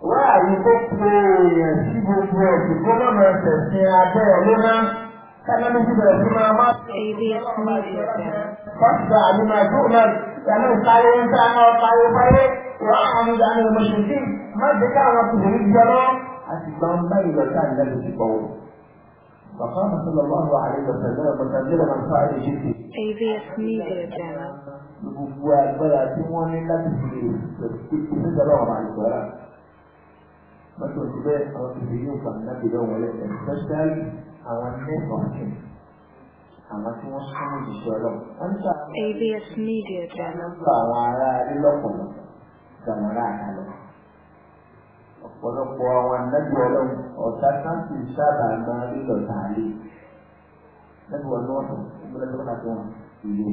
وعي بكر يسيبك ويسيبك ما تسمع دولنا كان من جبل فيما مات فاصدع لما تؤمن لأنه قال أنت أنا وقال وقال وأعمد عن المشركين má jẹ́ káwọn akùnrin gbé ọ àti gba ọ báyìí lọ sí àná lójú pọ̀ wọn. فقام صلى الله عليه وسلم مكبرا من فعل جده. AVS Media Channel. gbogbo agbára tí wọ́n ní láti fi ìpèsè ọlọ́run àlùbọ́rà mọ́tò ti bẹ́ẹ̀ àwọn ìdílé yóò fà láti lọ́wọ́ wọlé especially àwọn nẹ́ẹ̀kọ̀ọ̀kìn àwọn tí wọ́n súnmọ́ ìṣẹ́ ọlọ́run. wọ́n ń ta AVS Media Channel. wọ́n ń ta àwọn ará ilé lọ́pọ̀lọpọ̀ gbàmọ́ra àkàlọ́. ọ̀pọ̀lọpọ̀ àwọn anájọ ọlọ́run ọ̀tá sáǹtì sábà máa ń lọ tààlé lẹ́nu ọ̀nà ọ̀tún ìgbọ́dọ̀ tó kàtó wọn ìlú.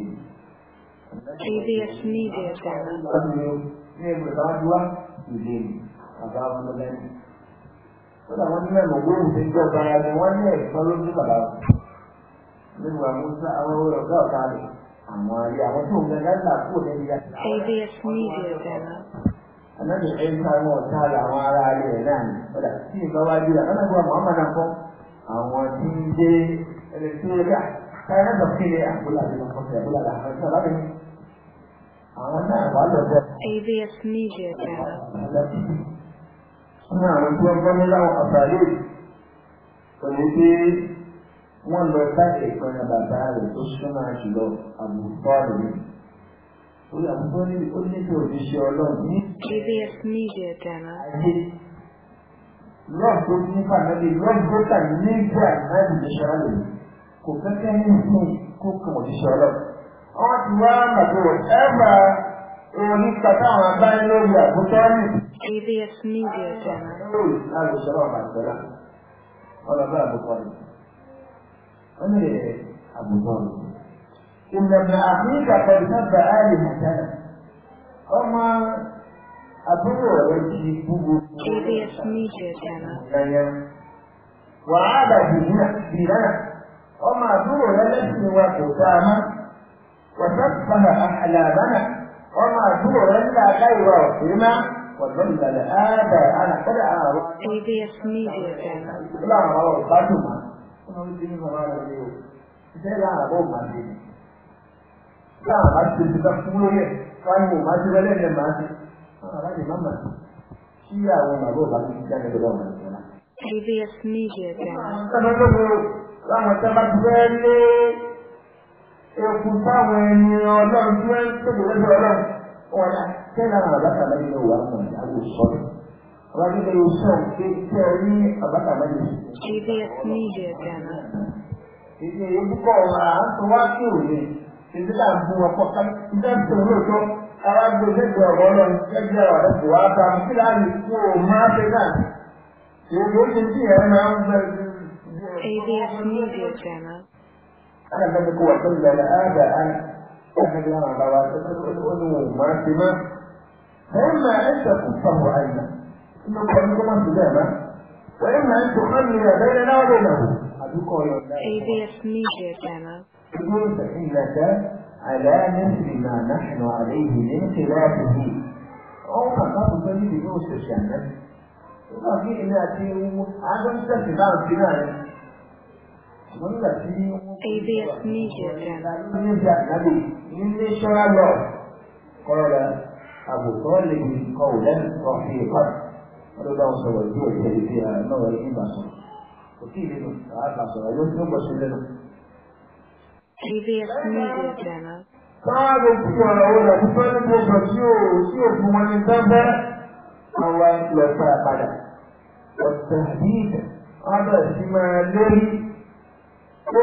KBS Media Channel. ní ẹgbẹ́ ìtàwájú wa ìlú àbá ọmọdébẹ́ni. ó dàwọn ní ẹ̀rọ gbóhùn tó ń jọ bara ni wọ́n ní ẹ̀sán ló ní bàbá wọn. nínú àwọn àwọn ọ̀gá ọ̀gá rẹ̀ àwọn ayé àwọn tó ń Media Channel ànábì ẹ̀ka wọn ọ̀tá àwọn ará ilẹ̀ náà ni ọ̀dà tí nǹkan wá dúró ànábì wọn mọ̀ọ́mọ̀ náà kọ́ àwọn tí ń dé ẹni tí ó dà káyọ̀ náà kí ni àbúlà ní ọkọ̀ọ̀fẹ́ àbúlà làwọn ẹ̀ka lábẹ́ mi. àwọn náà wà lọ́dọ̀. AVS Media Channel. ní àwọn tí wọ́n gbọ́ ní láwọn àbáyé pẹ̀lú pé wọ́n lọ bá ẹ̀gbọ́n bàbá rẹ̀ tó súnmọ́ jùlọ Previous Media Channel. Lord tó ní fàmẹ́lì Lord tó tà ní ìgbà láti ìṣẹ́ ọlọ́run. Kò kẹ́kẹ́ ní ìfún kó kàn òṣìṣẹ́ ọlọ́run. Wọ́n ti wá màgbọ́ ẹ̀bà Media Channel. Lórí láti ìṣẹ́ ọlọ́run àti ọlá. Ọlọ́gbà àbútọ́ ni. Ó ní إن ابن أخيك قد نبأ لمثلا أما أبوه يجي أيوة. وعاد بنا أما أبوه يلسن وقتاما وسفه أحلامنا وما أبوه إلا غير وقتما وظل الآباء قد أعرف ABS Media Channel. لا أعرف قدما. أنا أريد أن أقول لك. إذا لا tá a bá ṣe ti ká fún lórí ẹ̀ wáyé mo máa ti wẹ́lẹ́ ẹ̀jẹ̀ máa ti bàbá yìí má mà sí àwọn bàbá ò bá ti ti jáde lọ́wọ́ àwọn ìjọba. KBS Media Channel. Ṣé láwọn tẹ́ bá ti fẹ́ lé eku táwọn ẹni ọlọ́run tí wọ́n ń tẹ̀lé lẹ́gbẹ̀ẹ́ ọlọ́run wọn dá kẹ́lá àwọn àbákàlá yìí lọ́wọ́ àwọn ọ̀dà àwọn ìṣọ́lẹ̀. Àwọn ilé iṣẹ́ òkè tí ẹ rí àbákàlá yìí. KBS Media Channel. Ìdí èyí púpọ̀ wà á tó wá sí òye. ibi tá à ń bú tó lóòótọ́ ara ọ̀rọ̀ lọ lẹ́gbẹ̀ẹ́ ọ̀rọ̀ kò wá bá kí láàyè kó o máa ṣe náà èyí ó ṣe tí ẹ máa ń bẹ. ABS Media Channel. أنا بنك وكل هذا أن أحد لنا رواتب الأذن ما سما فإما أن تكفه عينا إنه كلكما سلامة وإما أن تخلي بيننا وبينه ABS Media Channel تقول فإنك على مثل ما نحن عليه من خلافه هو فقط تريد يوسف شأنه وفي إناتي وعدم تفضل بنائه ABS Media قال أبو طالب قولا رحيقا رضا وسوى الجوع فيها نظر إلى مصر وكيف أربع صلاة يوم يوم previous media channel. Báwa gbogbo ọ̀rọ̀ wo lọ fún ní gbogbo tí ò tí ò fún wọn ní dábẹ́ àwọn ìlọ sára padà. Ọ̀sẹ̀ yìí wọ́n bẹ̀rẹ̀ sí máa lérí pé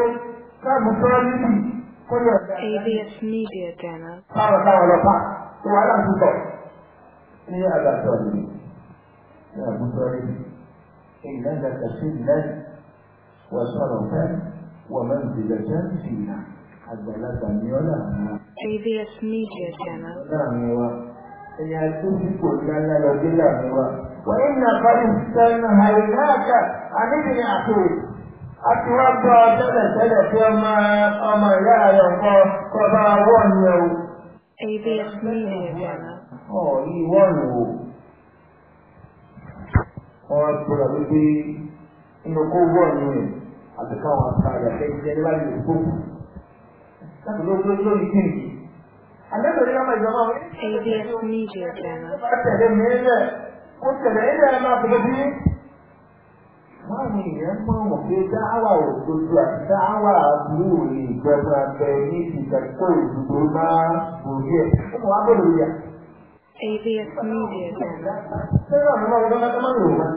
káàmù fẹ́ níbi kó lọ sí ABS media channel. Báwo táwọn lọ pa tó wà láti bọ̀ ní àgbàsọ̀ yìí ní àbútọ́ yìí ìlànà kàṣí ìlànà wàṣọ̀rọ̀ fẹ́ wọ̀mọ̀ ìdílé jẹ́ fìlà. àgbàlagbà ní ọ̀là àwọn. ABS Media Channel. láàrin wa ẹ̀yà àtúntìkò ńláńlá lọ́dé láàrin wa. wọ́n ń nà báyìí sẹ́nu àìláàkà àníbìnrin àtòwò. a ti wá gbọ́ tẹ́lẹ̀tẹ́lẹ̀ pé ọmọ ọmọ ìyá rẹ̀ kọ́ kọ́ bá wọ̀ ni o. ABS Media Channel. ọ̀ ní wọ́ọ̀nù o. wọ́n gbọ́dọ̀ wípé inú kó wọ́ọ̀nù rẹ̀ àti káwọn àtàrà ẹ̀ lórí kí nìyí. Àlẹ́bẹ̀rẹ̀ ọmọ ìjọba wọn. ABS Media Channel. Ó tẹ̀lé mi lẹ̀, ó tẹ̀lé ilẹ̀ ẹ̀ máa fẹ́ bí. Wọ́n ní ìyẹn mọ̀ wọ́n pé dáhàwà òdodo àti dáhàwà àbúrò ní ìjọba abẹ ní ìdàgbọ́ òdodo máa borí ẹ̀. Ó mọ̀ wá bẹ̀rẹ̀ ìyà. ABS Media Channel. Ṣé ìrọ̀lẹ́ máa wọlé máa ń lò wọ́n?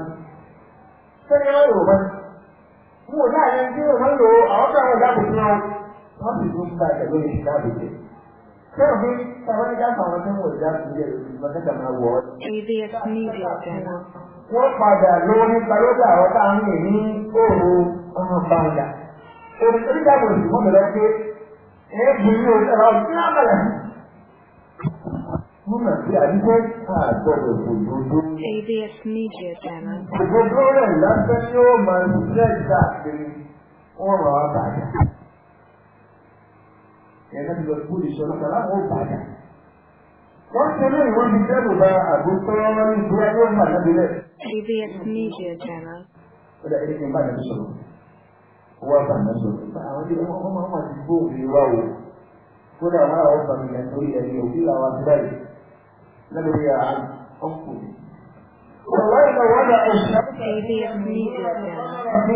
Ṣé ìrọ̀lẹ́ máa ń lò wọ́n? Mo ò dáhà ní ẹni tí mo máa ń lò àwọn tó àwọn ìdáàbò fún wọn wọ́n sì tún gba ẹ̀rọ yìí dáàbò jẹ. Sẹ́wọ̀n bí táwọn ẹja sọ̀rọ̀ tí wọ́n dá sí ilé ìgbìmọ̀ nígbà máa wọ̀ ọ́. AVS Media Channel. Wọ́n padà lórí balódà àwọn tá à ń rìn ní òru ọmọ bàǹdà. Onídàbò sì wọ́n bẹ̀rẹ̀ pé ẹ̀ẹ́dì ní ọ̀rọ̀ ìlànà. Nígbà tí àdúgbò àgbọ̀dọ̀ òdòdó. AVS Media Channel. Òdòdó rẹ̀ lásán ni ó máa ń ṣẹ́ta kiri. Wọ́n rọ̀ ọ́ bàjẹ́ ẹ̀ẹ́dẹ́gbẹ̀rún lọ sí bóde sọ́nà láwọn ò bàjá. wọ́n ṣe ní ìwé ibi tẹ́lù bá àgùntàn ìlú ayé ọmọ àdábì rẹ̀. CBS Media Channel. ó dà ẹni kí n bá nàbí sọ̀rọ̀ ó wá bá nàbí sọ̀rọ̀ àwọn ilé wọn máa ma ti bó òbí wa kódà wọn àwọn fàmìlì ẹ̀ lórí ẹ̀yẹ òbí làwọn ti báyìí lẹ́lórí ọkùnrin. وَوَيْلَ وَلَا أَشْهَدُ أَنْ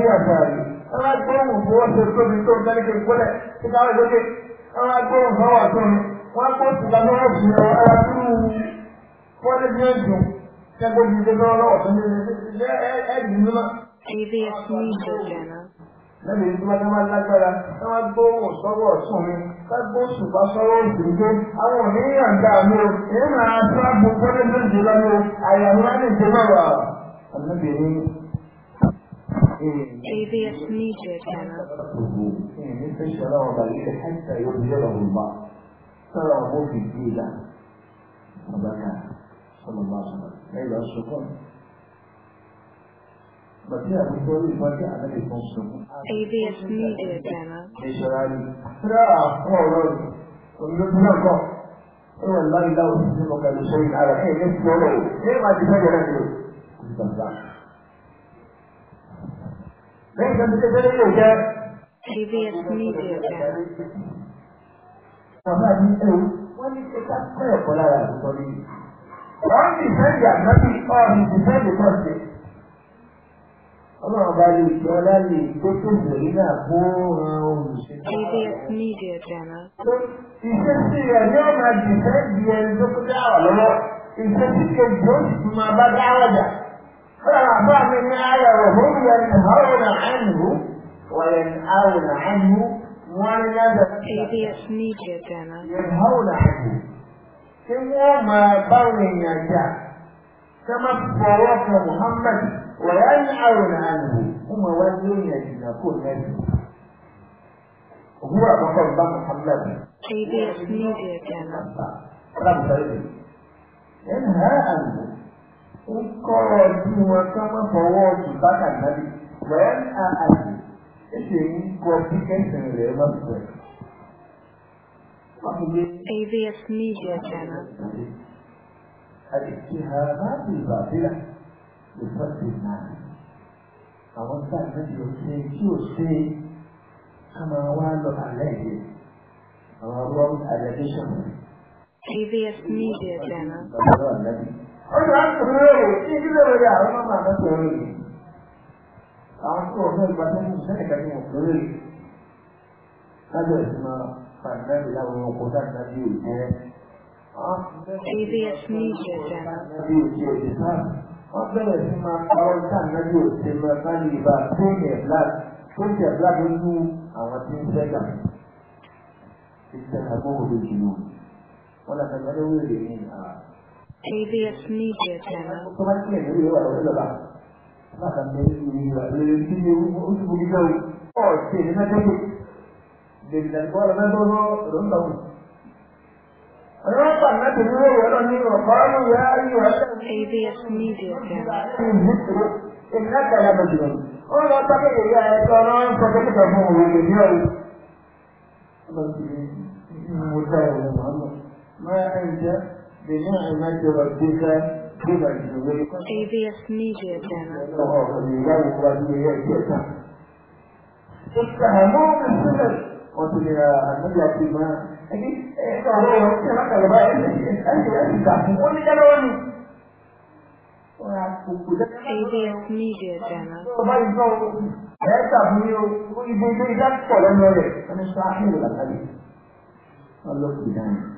يَا دَارِ أَنَا قَوْمُ بُوَسَ الْكُبْرِ تُرْدَنِكِ الْكُلَّ تِقَالَ لَكِ wọ́n á gbé nǹkan wà wọ́n á ara tó wù ú wọ́n lè ní ẹ̀dùn kẹ́gbẹ́ ju ilé lọ́wọ́ lọ́wọ́ máa lágbára wọ́n á gbó sọ́wọ́ ọ̀tún mi wọ́n gbó ṣùgbọ́n sọ́wọ́ òsì gbé àwọn oníyàn dà mí ABS media channel. حتى يبلغه البعض ترى في الدين ربك صلى الله عليه وسلم أيها الشيطان ABS Media Channel. والله لو تسلمك لشيء على خير نفسه ليه ما تفاجئ نفسه TVS Media Channel. Bàbá mi ẹ̀ wọ́n ní ṣe ká pẹ́ ẹ̀kọ́ lára àtúntò ní. Wọ́n ti fẹ́ ìyàgbọ́ bí ọ̀hún ti fẹ́ lè pọ̀ sí. Ọlọ́run bá lè jọ TVS Media Channel. Ìṣesí rẹ̀ ní ọ̀nà ìfẹ́ di ẹni tó kọjá wà lọ́wọ́. Ìṣesí kejì ó sì tún máa bá dáwọ̀ jà. فأعطى من آية وهم ينهون عنه وينأون عنه مؤنثة ينهون عنه tí wọ́n máa báwọn èèyàn jà tí wọ́n fọwọ́ kan Muhammad wọ̀yá ní àrùn àrùn wọ́n máa wá ní èèyàn jìnnà kó lẹ́yìn. òwúrọ̀ àkọ́kọ́ bá Muhammad. KBS Media Channel. ọlọ́run sọ èdè. ẹnì hàn àrùn. ó kọ́ wọn fọwọ́ wẹ́n a àti ẹsẹ̀ ń kọ bí kẹsàn rẹ̀ AVS Media Channel. àwọn ti ṣe ò ṣe ká máa wá lọ àlẹ́ yìí àwọn wrong allegations. AVS Media Channel. Oye, a ń tòrò rẹ̀, kí n kílò rẹ̀ àwọn ọmọ àmọ́ tòrò rẹ̀. Àwọn tó ọ̀dọ́ ìgbà tó ń sẹ́yìn kan ní òkú rẹ̀. Lájọ̀ ìsìn máa pàdánù láwọn ọkọ̀ dáadáa bí òjẹ́. ABS Media Channel. Wọ́n bẹ̀rẹ̀ sí máa pa ọ́ sáà ní òṣèlú máa bá lè bá Premier Black. Premier Black àwọn tí ń sẹ́gà. Ìṣẹ̀lẹ̀ àgbọ̀wọ̀ lójú wọn. Wọ́n lọ sọ̀rọ̀ lórí ìrìn àná. ABS Media Channel. Tó bá tilẹ̀ ní ìwà ìwà ìjọba, láti àmì ìwà ìlérí tí ní oṣù kò ní gbẹ̀wò, ọ̀ ṣe ní mẹ́tẹ́gbẹ̀. Bèbí tàbí kọ́ ọ̀rọ̀ mẹ́tọ́ lọ rọ̀ ń dàgbù. Ọ̀rọ̀ pà láti ní ìwà ìwà ní ọ̀pá ọ̀rọ̀ ìwà ìwà ABS Media Channel. Ìnáta ya bẹ̀rẹ̀ lọ. Ó lọ sábẹ́ ìyá ẹ̀ tọ́ ọ̀rọ̀ ń sọ pé kíkà fún òwe lè ní ọ̀rọ̀. Ọlọ́run ti ní mo dá ẹ̀rọ mọ́ بنعمة Media Channel. استهموا Media Channel. ẹ tàbí o ibi ibi ìdájọ́ lẹ́nu rẹ̀ ẹni sọ àhìrì làkàlẹ̀ ọlọ́pìdánù.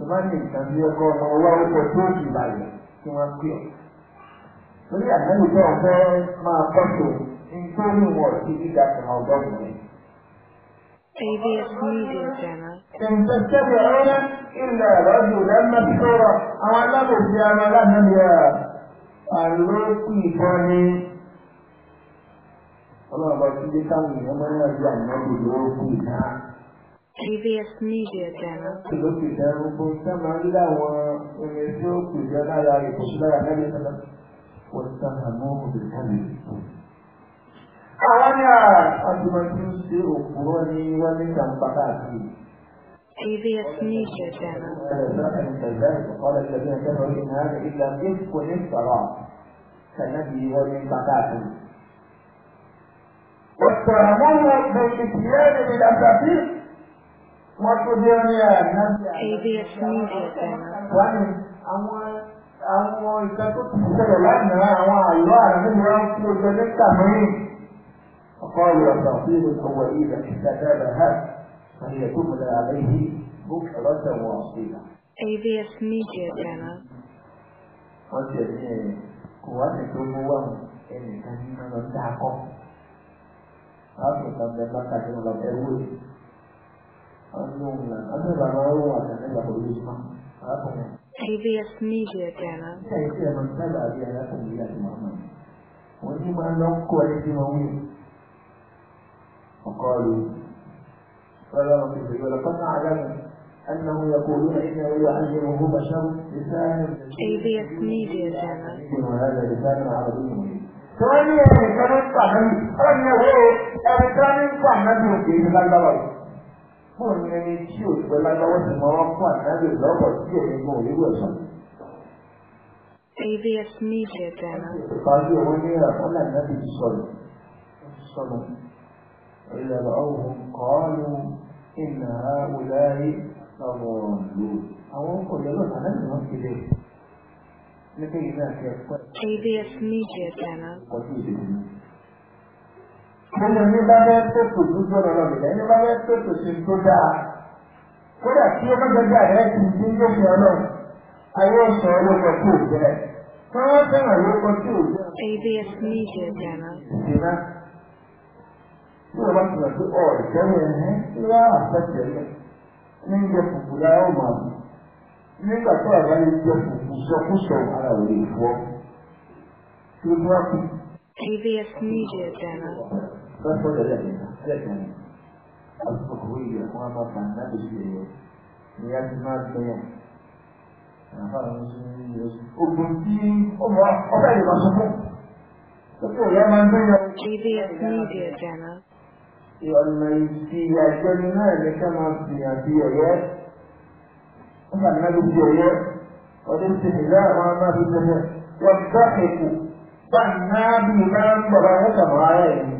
tó bá ní nǹkan bí ọgọ́rùn-ún ọwọ́ ọkọ̀ tó ti bàyẹ̀ tí wọ́n pè ọ́. torí àgbẹ̀lú tó ń fẹ́ máa kọ́tò nítorí wọn ti gíga kan ọgọ́rùn-ún rẹ̀. ABS Media Channel. إن تتبعون إلا رجلا مسحورا أو لم يجعل لهم يا àlòkù ìbọn ni ọlọ́run bá ti dé táwọn èèyàn máa ń rìn àjò kò kù náà. previous media channel. previous media channel. قال الذين كفروا إن هذا واتهموه بالاتيان بالأساطير ABS Media Channel. Àwọn ìkẹ́ tó ti ṣẹlẹ̀ lánàá àwọn àlọ́ àrẹ́mí wọn kí o jẹ nígbà mìíràn. فقالوا التعطيل الأولين استجاب هذا أن يكمل عليه بكرة وأصيلا. ABS Media Channel. Wọ́n ti ẹ̀sìn ẹ̀ kò wá ní tó mú wà ẹnìkan nínú ọjà kọ́. Láti ìtàn bẹ́ẹ̀ bá kàdé lọ ẹ̀wọ́ yìí. KBS Media Channel. وقالوا فلا نصيب ولقد أعلم أنه يقولون إنه يعلمه بشر لسان KBS Media Channel وهذا لسان عربي مبين ثانيا كانت صحيح أنه أبتان صحيح في المدرسة fún ìyẹn ni tí òṣìṣẹ́ lágbáwọ́ sì mọ́ wọn fún àtàlù lọ́pọ̀ tí òun gbọ́n òyìnbó ẹ̀sán. AVS Media Channel. Ìpàdé òun ní ẹ̀kọ́ náà náà ti sọ̀rọ̀. sọ̀rọ̀. إذا رأوهم قالوا إن هؤلاء لضالون. أو قل لهم أنا من وقت إليه. AVS Media Channel. gbogbo ní bá bẹ́ẹ̀ tètò dúdú ọ̀rọ̀ lọ bìlẹ̀ ní bá bẹ́ẹ̀ tètò ṣe tó dáa kódà tí ó gbẹgbẹgbẹ rẹ ti di ilé ìfẹ́ ọlọ́run ayé ọ̀sán olóko tí ò jẹ́ tí wọ́n fẹ́ràn olóko tí ò jẹ́. ABS Media Channel. ìdènà tí wọ́n bá ti rà pé ọ̀ ìjẹ́wọ́ ẹ̀hẹ́ tí wọ́n á fẹ́tẹ̀ lẹ̀ ní ìjẹ fùfú lára ọmọ àbí nígbà tó àbá yìí jẹ fùfú sọkúsọ ara òye ìfọ́. ABS Media Channel. Transfer eleven, second. Àsìkò ìwé fún àmọ́ta láti ṣe ní a ti máa bẹ̀rẹ̀. Ògùn tí ó mọ ọ̀pẹ́ ìlú ọ̀sán fún. Sọ́kò ìyá máa ń bẹ̀rẹ̀. GVS Media Channel. Ìọ̀nà ìfìyà ìjọni náà ní ká máa fìyà bí ọ̀yẹ́. Ó máa ná ló bí ọ̀yẹ́. Ọdún ti nìlá àwọn amábí tẹ́lẹ̀. Wọ́n ti dá èkó. Bá ń ná bí ìlànà ń bọ̀ bá ń kà mọ́ ara ẹ̀yìn.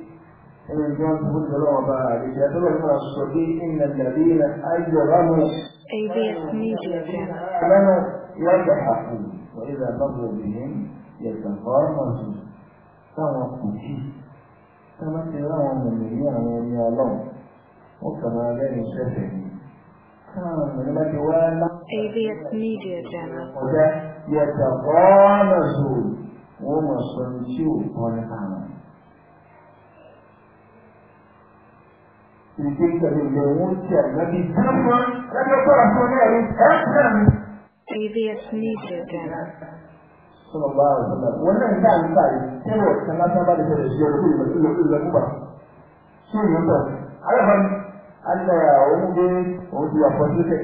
ان الإنسان كل لعبة لتدل المنصبين إن الذين أجرموا ABS Media آمنوا يضحكون وإذا مروا بهم يتفاهمون فهو كوشي كما تراهم من يوم يالون وكما لا يشتهي ABS Media Channel. يتقامسون ومصنشون ونقامون AVS Media Channel. Sallallahu Alaihi Wasallam. Wannan da an sa yi, sai wa sana ta ba da ta shi yau da ilo ilo kuma. Shi ne ba. Alhamdu Allah ya wuce wuce ya fadi ta.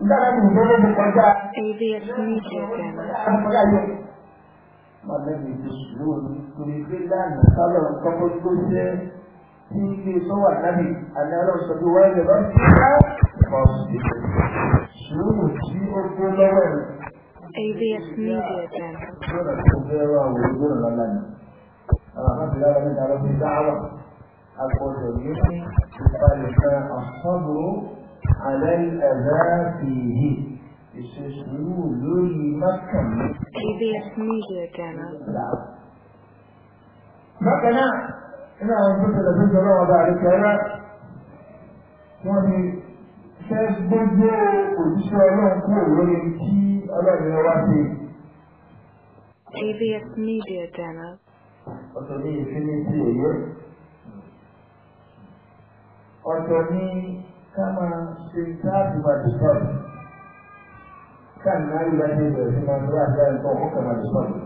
Ina da mun dole da kwanta. AVS Media Channel. Mallamin su ne kuri kila na salon kafin kusa في صور النبي أن لو سبوا لبرد شنو تجيب كل وين ABS Media Center. الصبر على الأذى فيه يستشعروا لولي مكة ABS Media Channel. لا. مكة nínú àwọn tó ń sọ lọ́wọ́ bá àríkẹ́ ọlá wọ́n ti fẹ́ gbogbo òjíṣẹ́ ọlọ́run kúrò lórí tí ọlọ́run wá sí. AVS Media Channel. ọ̀sọ̀ ní ìfinitì èyí ọ̀tọ̀ ní ká máa ṣe káàdì máa dìsọ́ọ̀tì káàdì máa ń lọ sí ìbẹ̀rẹ̀ sí máa ń lọ àti àìsàn ọkọ̀ máa dìsọ́ọ̀tì.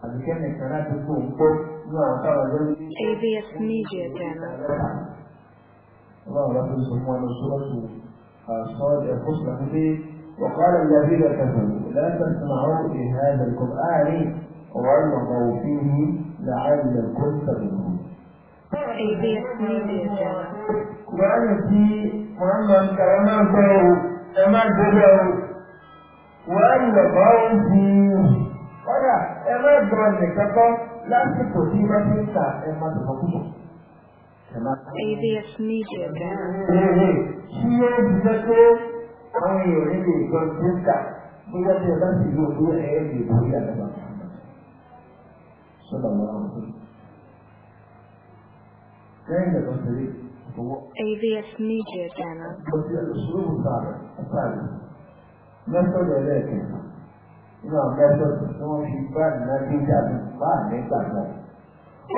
ABS Media Channel. الله سورة فيه وقال الذين كفروا لا تسمعوا لهذا القرآن والغوا فيه لعلكم تغلبون. ABS فيه قرآن في محمد كلامه ẹ má gbẹgbẹ o فيه kọ́dà ẹ má gbọ́ nìkan kọ́ lásìkò tí wọ́n ti ń ta ẹ má tọ̀kọ́ púpọ̀. AVS Media Channel. Ṣé ó ti jẹ́ pé àwọn èèyàn nílò ìjọ tó ń tà bóyá tí ẹ bá sì yóò gbé ẹ̀yẹ́ lè borí àdàbà. Sọ́dọ̀ wọn àwọn ọ̀gbìn. Lẹ́yìn ìgbà tó ń tẹ̀lé owó. AVS Media Channel. O ti ẹ̀rọ sùúrù sáà sáà lọ nínú àwọn ẹgbẹ́ tí wọ́n fi bá ìnáwó ìjàdù bá nígbàgbọ́.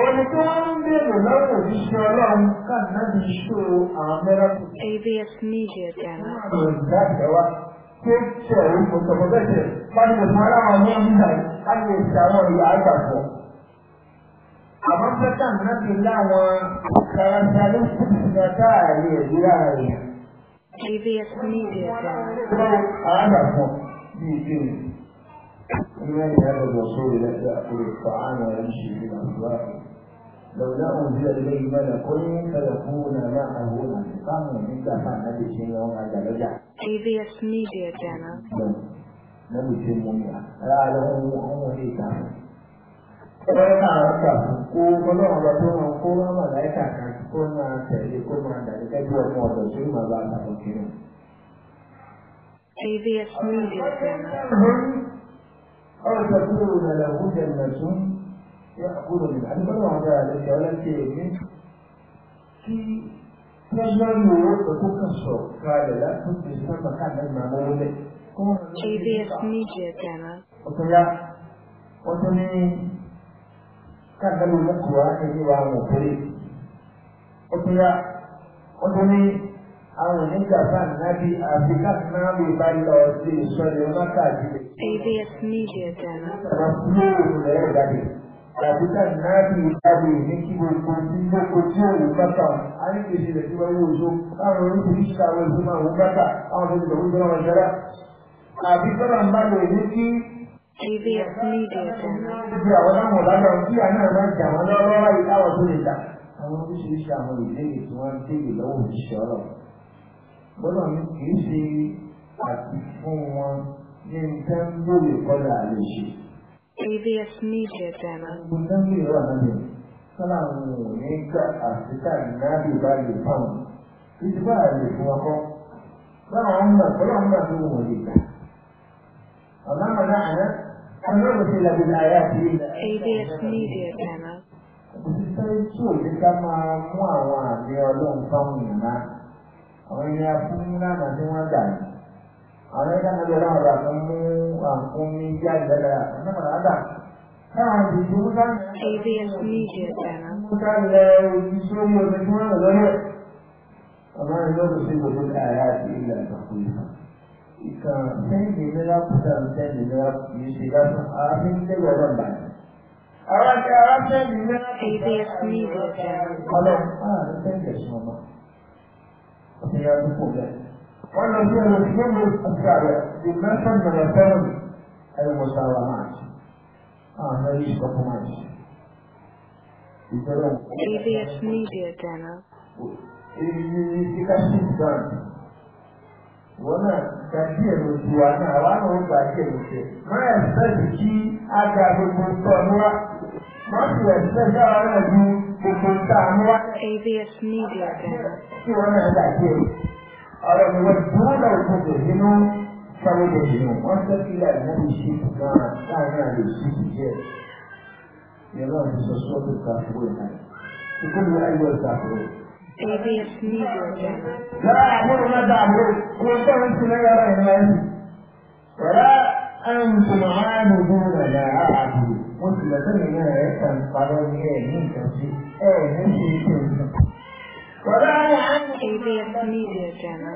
Ẹni tí wọ́n ń bèèrè lọ́wọ́ òṣìṣẹ́ ọlọ́run kan náà ti ṣó àwọn mẹ́rọ̀kù. AVS Media Ghana. Àwọn ìdájọ́ wa tó tẹ̀ orúkọ tọmọ bẹ́ẹ̀ láti lè fún aláwọ̀ ní ìlà láti lè àwọn ìyá àgbàpọ̀. Àmọ́ pẹ́tà náà láwọn kàràǹtà ló kù nígbà táàrí ẹ̀rí ara AVS Media Ghana. Àwọn àgbàpọ̀ bíi ìbéèrè. إيمان هذا الرسول الذي يأكل الطعام ويمشي في الأسواق لولا أنزل إليه ملك فيكون معه نفقا من دفع النبي شيء يوم عند رجع KBS Media Channel نبي شيء منيع لا له أمه في كامل Ẹgbẹ́ náà ń gbà fún kó ọlọ́run lọ tó máa kó wá mà láìka kan kó máa tẹ̀lé kó máa dàbí kẹ́jú ọmọ ọ̀dọ̀ tí ó máa bá a tàbí kiri. AVS Media Channel. أو تكون له جنة يأكل منها المنوع ذلك ولكن كي تجمعه وتكسر قال لا تجلس مكان المعمول KBS Media Channel. Otoya, otoni kagalu mekuwa ejiwa mukuri. Otoya, àwọn onígbà bá nábì àfi káfíńmá lè bá lọ sí ìsọ̀lẹ̀ mákàdí. ABS Media Dana. Àwọn fúlóòrù rẹ̀ jáde. Tàbí káfíńmábì jáde ní kí gbogbo tí gbogbo tí òun bàtà á ní kejì rẹ̀ tí wọ́n wọ́n so. Àwọn oríṣiríṣi àwọn ìlú máa wọ́n bàtà àwọn ọmọ ìlú ìjọba wọn jẹ́rà. Àbí sọ́nà ń bá lọ ní kí. ABS Media Dana. Ibi àwọn náà wọ̀ àwọn oríṣiríṣi àwọn ìlérí tí wọ́n ń dé ìlọ́wọ́ òṣìṣẹ́ ọlọ́run bọ́lá mi kì í ṣe àti fún wọn ní nǹkan lórí ìkọlà àlè ṣe. AVS Media Demo. Gbogbo ní ìlú àmàlẹ̀ sọ́lá àwọn èèyàn ní ká àfikà ìnáàbì báyìí fáwọn. Títí bá àlè fún ọkọ. Báwọn ọmọ bọ́lá ọmọ tó wù wọ́n lè gbà. Ọ̀nà àmàlà àná ọlọ́run ti làbí láyé àti ilẹ̀. AVS Media Demo. Òṣìṣẹ́ tí ò lè ká máa mú àwọn àmì ọlọ́run fáwọn èèyàn náà àwọn ẹni abúlé nílànà tí wọ́n gbà ní. àwọn ẹni dáná bí ọlọ́run bá fún mú àǹkún ní ìjà ìlẹ́lẹ̀ àtúntò àdá. táwọn ìdìbò múta ń lẹ ojú sórí omi tí wọ́n lọ lọ́lẹ̀. ọmọ rẹ ló ti gbogbo ààrẹ àti ilẹ̀ àtàkùn ìfà. ìkàn sẹ́yìn ìlera kúta ń sẹ́yìn ìlera kìí ṣe lásán àfi ń lé wọ́n bá yẹn. Àwọn akẹ́kọ̀ọ́ sẹ́yìn ìlera kìí ṣe lásán. Ọlọ́run, àwọn akẹ́kọ̀ọ́ sẹ́yìn ìlera kìí ṣe lásán. سيادتكم والذين يكملوا الأشياء بالنسبة للثمن المساومات آه ما يشبه ماشي ABS Media Channel. Ele fica xingando. Wana, daqui no dia, na lá não daqui no dia. Mas sabe que a garota tornou. Mas o exército era vivo. gbogbo AVS Media Center. Media ABS Media Channel.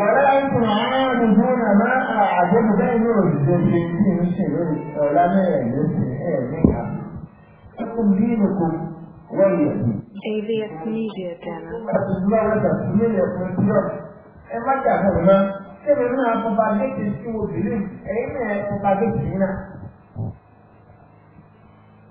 ولا أنتم عابدون ما AVS Media Channel.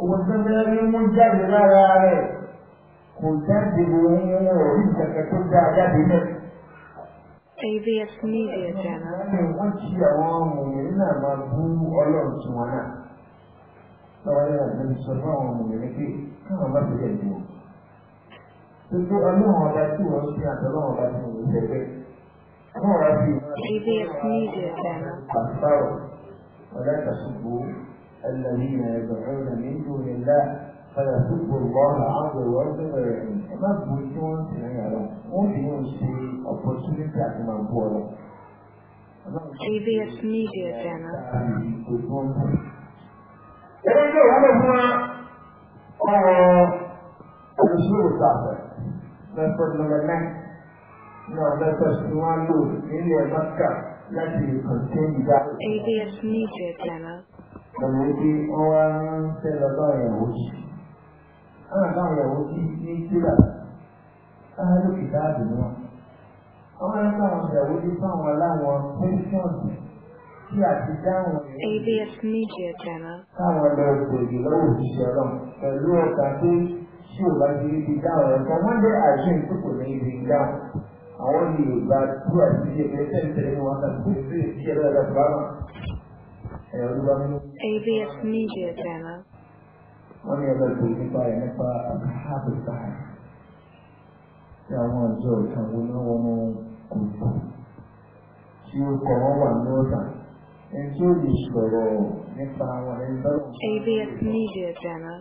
owó tó fẹ́ mú jáde lára rẹ̀ kò jáde ohun orí ìkẹ̀kẹ́ tó dáa jáde náà. AVS Media Channel. Wọ́n ti àwọn mòmìnir náà máa bú ọlọ́run tí wọ́n náà. Lọ́wọ́ yẹn àti ẹni sọ fún àwọn mòmìnir pé káwọn bá ti yẹn dùn. Gbogbo ọlọ́run ọba tí wọ́n ṣe àtọ́lọ́run ọba tí wọ́n ṣe pé. AVS Media Channel. Pàṣẹ ọ̀dà ìdásùgbò الذين يدعون من دون الله فيسبوا الله عز وجل ويعين ما بوشون سنعلم وبيون شيء opportunity at my border ABS Media Channel. Ẹgbẹ́ ìjọba ló fún wa Media Channel. pẹ̀lú pé wọ́n wá ń fẹ́ lọ bá ìyàwó jì. Àwọn àbá ìyàwó jì ní Tíra, Áhálù Kìtáàbù náà. Wọ́n máa ń bá àwọn ìyàwó jì fáwọn aláwọn pẹ́ṣọ̀nù tí àti dáhùn rẹ̀. Media Channel. Káwọn lọ gbèrè lọ́wọ́ òṣìṣẹ́ ọlọ́run pẹ̀lú ọ̀gá pé tí ò bá ti rí ibi dáhùn rẹ̀ kan, wọ́n dé àjọ ìtòkò ní ibi dáhùn. Àwọn Yorùbá tú àti ìdíje pé ṣẹ́ńtẹ̀lẹ́ wọn kà sí sí ìdíje lọ́dọ̀ bá wọn. AVS Media Channel. AVS Media Channel.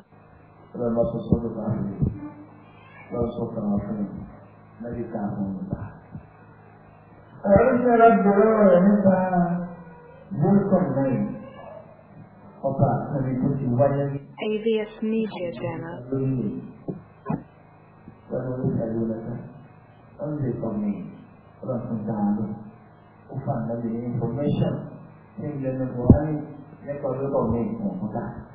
AVS Media Channel. Only for me, Rasulullah, who found the information, England and Hawaii, record of me, Muhammad.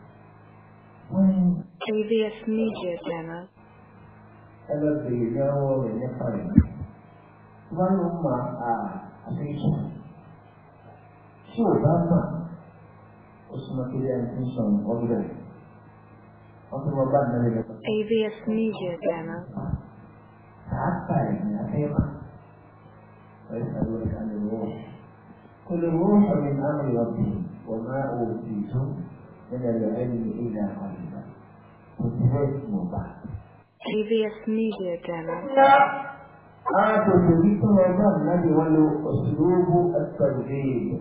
AVS Media Channel. Hello, the girl in the phone. One woman, ah, a patient. She was اسمه كريان إنسان وبلاد ABS Media Channel. تعفى من الحقيقة ويسألونك عن الروح كل الروح من أمر ربه وما أوتيتم من العلم إلا قليلا كنت بعد ABS Media Channel. آتوا تبيتم النبي ولو أسلوب الترغيب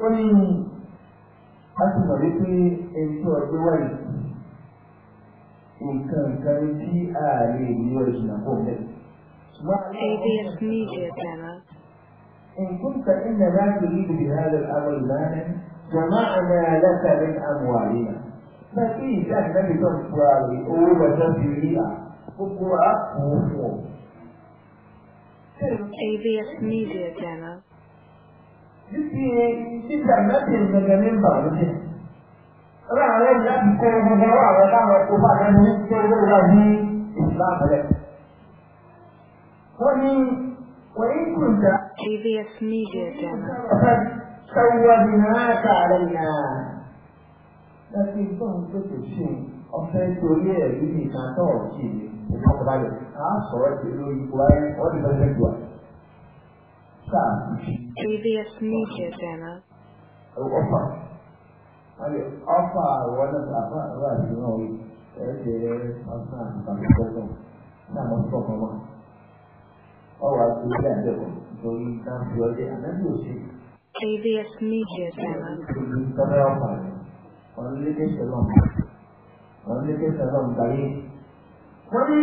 ó mọ̀ wípé ẹni ọjọ́ nǹkan tí mẹ́rin. Channel. إن كنت إنما تريد بهذا الأمر مالا جمعنا لك من أموالنا. Bàbí ìjà ìdájọ́ tó ń fura rẹ̀ owó lọ́jọ́ ti ABS Media Channel. níbi títà mẹ́tì gẹ́gẹ́ ní ìbàlódé. Ọlá àwọn ti kọ́ gbogbo ọwọ́ àwọn táwọn ẹ̀kọ́ bá dá ní ṣé owó wà ní ìsìlámù rẹ̀. Wọ́n ní wọ́n yí kù ìjà. KBS Media Channel. Ṣọ́wọ́ ni máa kà lẹ́yìn náà. Láti gbọ́n tó kò ṣe ọ̀fẹ́ torí ẹ̀rí nìkan tó ọ̀kì ìfọ̀kànbalẹ̀. A sọ̀rọ̀ sí lórí ìwà ẹ̀ ọ́dún lọ́jọ́ Previous media demo. Ọfà. Ọfà àwọn àbá àti náà ẹ̀jẹ̀ ọ̀sán àti ìgbàlódé náà lọ sí ọ̀pọ̀ wọn. Ọwọ́ àti ilé àjẹkọ̀ nítorí dáńtì ọdẹ ànábì òsì. Previous media demo. Ìtọ́lẹ̀ ọ̀pà rẹ̀. Ọ̀rọ̀ lédè sẹ̀lọ̀m. Ọ̀rọ̀ lédè sẹ̀lọ̀m darí. Wọ́n ní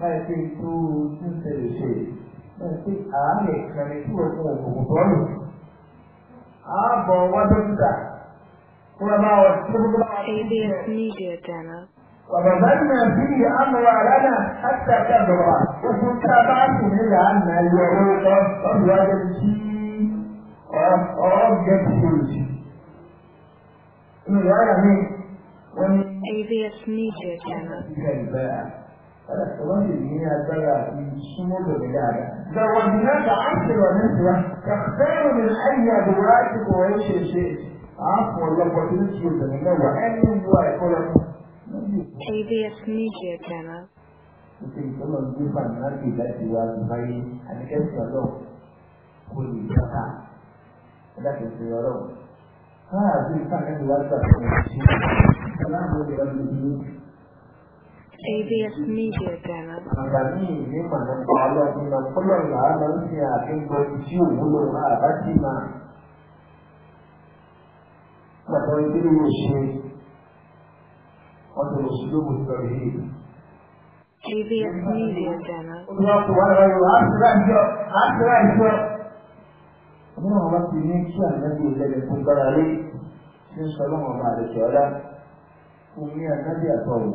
báyìí pé tó tí ń ṣẹlẹ̀ ṣe báyìí pé àárẹ̀ kan ní tí wọ́n fún òògùn bọ́ọ̀lù. ààbọ̀ wá dókítà kúrò máa wọ̀ tí wọ́n bá wà ní ìṣẹ̀lẹ̀. وبذلنا فيه أموالنا حتى كبر وكنت أبعث لأن اليهود قد وجدت أرجت كل شيء. من رأي ABS Media Channel ọlọ́sì ní agbára àti súnmọ́ lòdì dáadáa. Dàwọ̀ dìnnà ta á ti rọ̀ ní ìtura. Kàfẹ́rù ní ayé àdúrà ti kọ̀ ẹ́ ṣe ṣe. Àáfọ̀ ọlọ́pọ̀ tó ń ṣe obìnrin mẹ́wàá ẹni wọ ẹ̀kọ́ lọ. ABS Media Channel. Ṣé ìtọ́lọ̀ ń gbé Fàmíláńkì láti wá àgbáyé àdìgẹ́sì ọlọ́run kò lè dáta ẹ̀dákẹ́sì ọlọ́run. Káàdì Fàmíláńkì wá sàkóso ìṣe. Ọlọ́run ló ABS Media Channel. Àgbà ní ìlú Màdà Pàálù Àdúrà Kọ́lọ̀ làá máa ń ṣe àfihàn tí òwúlò máa bá ti máa. Bàbá ABS Media Channel. Ó ní ọkọ̀ wà lọ́yọ̀, á ti rà ìjọ, á ti rà ìjọ. Ọmọ àwọn ti ní kí ànábì ìlẹ́lẹ̀ tó gbára lé, ṣé ń sọ lọ́wọ́ ọba àdìsọ́lá, òun ní ànábì àtọ̀rọ̀.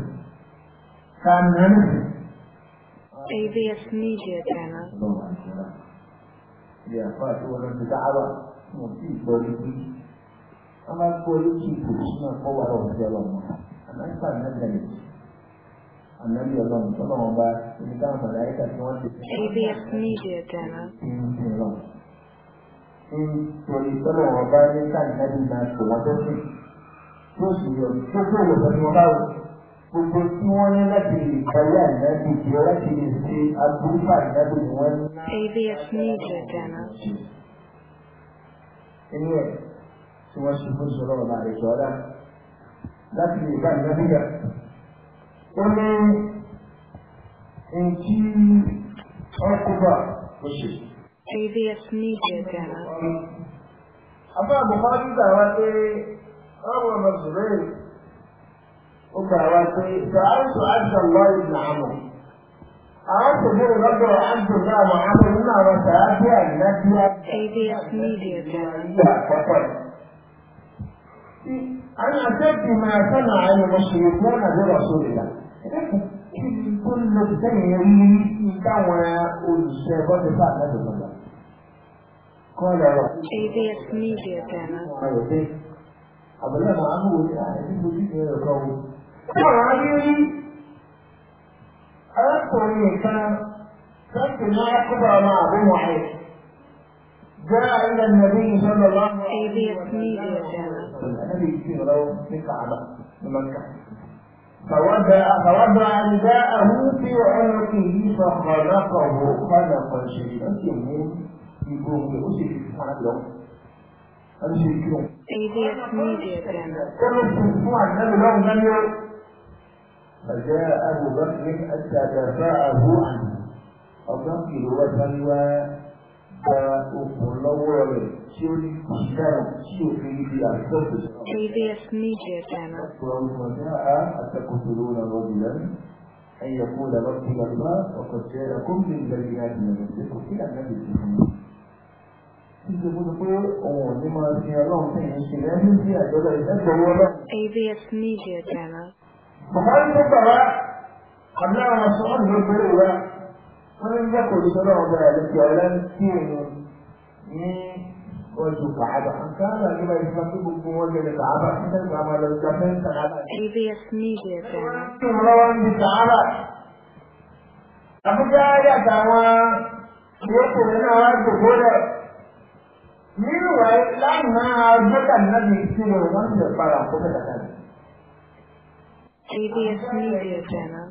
channel ABS Media Channel. Ìyá àpá àti wọn lọ́dún dáhàbà mo sì gbọ́ lójú. Wọ́n máa gbọ́ lójú ìpò sínú ẹ̀kọ́ wa lọ́wọ́ sí ọlọ́run. Àmẹ́ríkà mẹ́tẹ̀lẹ̀. Àmẹ́rí ọlọ́run tọ́lọ́run bá ẹni táwọn mọ̀láyíkà tí ABS Media Channel. Nítorí tọ́lọ́run bá ní káàdì náà ní ìlànà ìṣòwò tó sì. Tó sì yọ tó kúrò lọ́sọ̀ ni gbogbo tí wọ́n ní láti lè parí àìdájú tí wọ́n láti lè ṣe agbófà ìdájú ni wọ́n ní. ABS Media Channel. inú ẹ̀ tí wọ́n ṣe fún sọ̀rọ̀ ọ̀la àrẹ̀jọ́ ọ̀la láti lè bá ìdájú yà. ó ní nkí ọkùnbà kò ṣe. ABS Media Channel. àbá àbùkọ́ nígbà wá pé ọ̀rọ̀ ọ̀nà zùrẹ́ẹ̀. oge waaiaụ aatụ ụ azụaaụaa a aa anyị aiaaa aa ụenye ya mụtawa ya ue kaọrọ ọ bụla a ahụeewụ Ọ̀rọ̀ arákùnrin kan láti ní ọkùnrin ọmọ àbúrò ẹ̀ jẹ́ ilẹ̀ nàbí ìṣẹ́lẹ̀ lọ́wọ́ ẹ̀bí ẹ̀sìn ìrẹ̀lẹ̀. فوضع رداءه في عنقه فخلقه خلقا شديدا يمين يقوم بأسر في الحلقة أمشي كيوم. أيدي ميديا كان. كل أسبوع النبي لهم فجاء أبو بكر حتى دفعه عنه أظن في هو سلوى وأقول له ولي شوري كشتر شوري في الأسفل حتى قتلون رجلا أن يقول رسول الله وقد شاركم من بريات من الزفر إلى النبي صلى الله عليه وسلم AVS Media Channel bùkárí tó gbà wá àmì àwọn sọ́ọ̀nù ló gbé wá wọ́n ń yẹ kò ní sọ́dọ̀ ọ̀gá ẹ̀rọ ti ọ̀lá ń èèyàn ní oṣù kàába nǹkan náà ní báyìí fún gbogbo wọn lè kàába nígbà tí a máa lọ sí abẹ́ kàába. Channel. àbújá yàtọ̀ àwọn ìyókù náà wá gbogbo rẹ̀. nínú wáyé lánàá ọjọ́ kàdínà CBS Media Channel.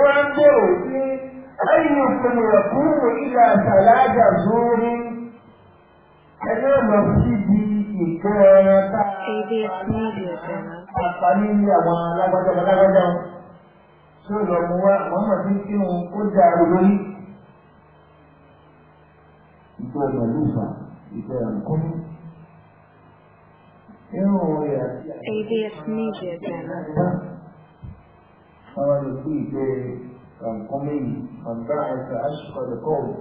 Wọ́n bẹ̀rù pé ẹ̀yìn òkùnrin ọ̀kùnrin ìlà àtàlájà lórí ẹgbẹ́ ọ̀nà síbi ìkó ẹran tá àǹfààní ní àwọn alágbájá alágbájá tí ó lọ mú wá àwọn ọmọ tí ń kí wọn ó dàrú lórí. Ìgbẹ́ ọ̀nà ló fà ìgbẹ́ ọ̀nà kọ́mí. ABS Media Channel. حوالي في قومي من باعث أشقى لقوم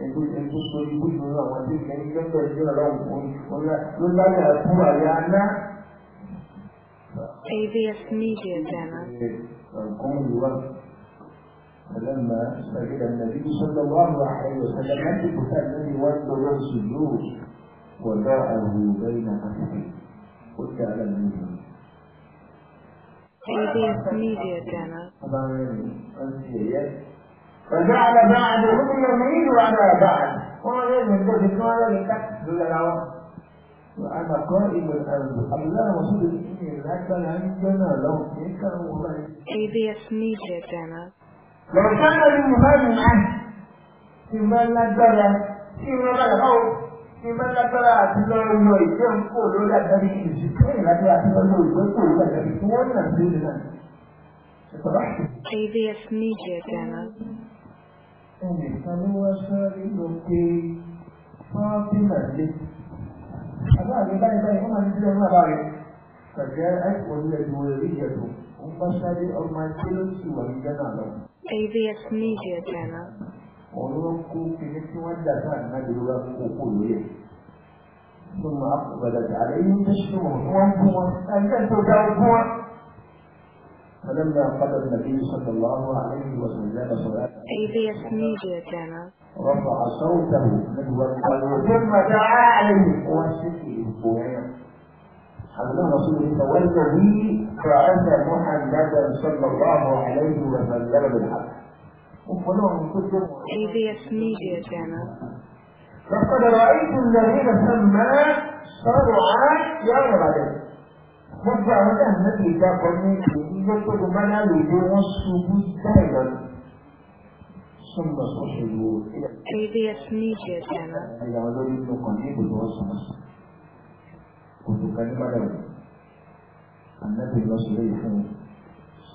يقول انتوا يقول لنا وانتوا كان جنب الرجال لهم قلنا دول بقى يعرفوا علينا ABS Media Channel. قومي وقت فلما سجد النبي صلى الله عليه وسلم لم يكن الذي ولد له السجود وجاءه بين كفيه والتعلم منهم فجعل بعضهم يميل على بعض هو يعمل ده بكل يكتب للاوى وانا قائم الان الله رسول الدين لا كان عندنا لو هيك والله ABS Media Channel لو كان لي مهاجم عنه في مال لا في مال لا ìmọ̀lágbára àti lọ́rọ̀ lọ ìgbé ń kó lórí àgbáyé ìjì kẹ́yìn láti àti lọ́rọ̀ ìgbé kó lórí àgbáyé tí wọ́n nà sí ìlú náà. ABS Media Channel. Ẹnìkan ló wá sọ́ọ́rí ló pé Fọ́tímà lé. Àbá àgbẹ̀ báyìí báyìí wọ́n máa ń sílẹ̀ ní àbá Media Channel. òun ló kó kíní tí wọ́n dà fún àdìmọ́dé ló bá kó kó lórí ẹ̀. ثم أقبل عليهم تشتمون وانتم أنتم تعرفون فلما قضى النبي صلى الله عليه وسلم صلاته ABS Media Channel رفع صوته نجوى ثم دعا عليه وسكي البوعين حضر رسول فوالذي بعث محمدا صلى الله عليه وسلم بالحق AVS Media Channel. لقد رأيت الذين سمى صاروا عاش يا ولد. مرجع مدام نبي كابرني في يقول منا لدوم السبوي دائما. ثم صحيحوا الى AVS Media Channel. أنا أقول إنه قريب الوصف. كنت كلمة لهم. النبي الرسول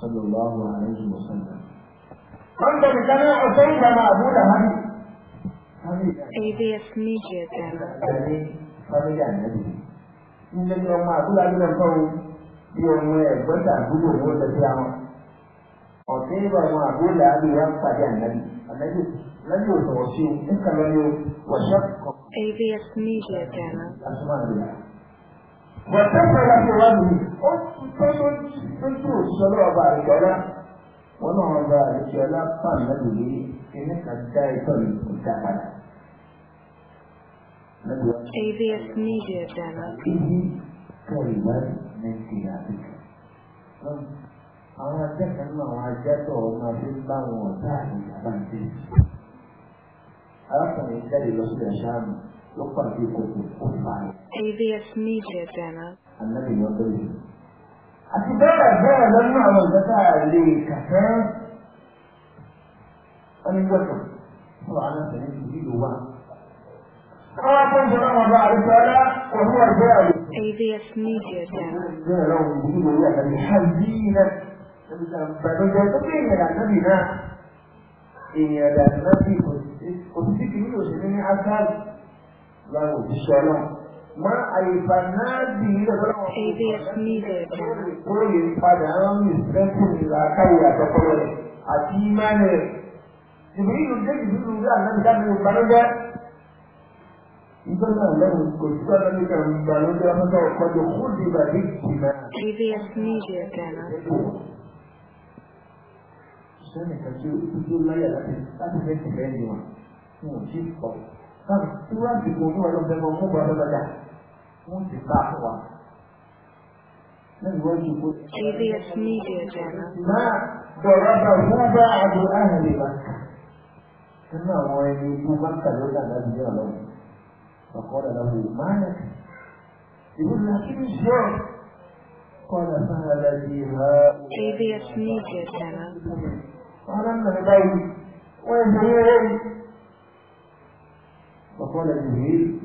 صلى الله عليه وسلم. sana, ABS Media Channel. Ilé ni ọmọ àbúrò abúlé nǹkan o, bí ọmọ ẹ̀gbọ́n àbúrò owó tẹ̀sí àwọn. Ọ̀sẹ̀ ìgbà ọmọ àbúrò àbúrò wa ń pàdé ànábì. Ànábì lẹ́yìn òsò ọ̀sẹ̀ o, ń kàn lọ́lẹ́ o, wọ̀ṣọ́ kan. ABS Media Channel. Wọ̀ṣọ́ kan láti wá mi, ó ti tọ́ lójú òṣìṣẹ́ lọ́wọ́ bá àgbọ̀lá wọn náà wọn gba àdéṣe ọlápàn lẹ́gbẹ̀ẹ́ ẹni kan dá ẹjọ́ yìí kò dá padà. AVS Media Channel. Ibi kẹrin wáyé Nàìjíríà Àbíkà. Àwọn akẹ́kọ̀ọ́ náà wọ́n ajẹ́tọ̀ ọmọ tí ń bá wọn ọ̀tá àti ìjàmbá ń dé. Arákùnrin jáde lọ sí ẹ̀ṣáàmù ló pàdé ìkòkò ó fà á. AVS Media Channel. Àlẹ́ ìyọ́dọ̀ yìí. اعتبار هذا النوع والبتاع اللي كفاه أن يكفر طبعا أنت يجي وقت قاتل بنام الله رسالة وهو جاهل ABS Media Channel. النبي في الشارع ABS Media ti kó fún ọlọ́pẹ́ mọ́ fún ọlọ́pẹ́ dáa? ما ضربه بعض أهل مكة ثم هو يجيب مكة لولا الذي له فقال له ما لك؟ يقول لكن الشعب قال فما الذي هؤلاء قال أنه بيت ويبيعون فقال جبريل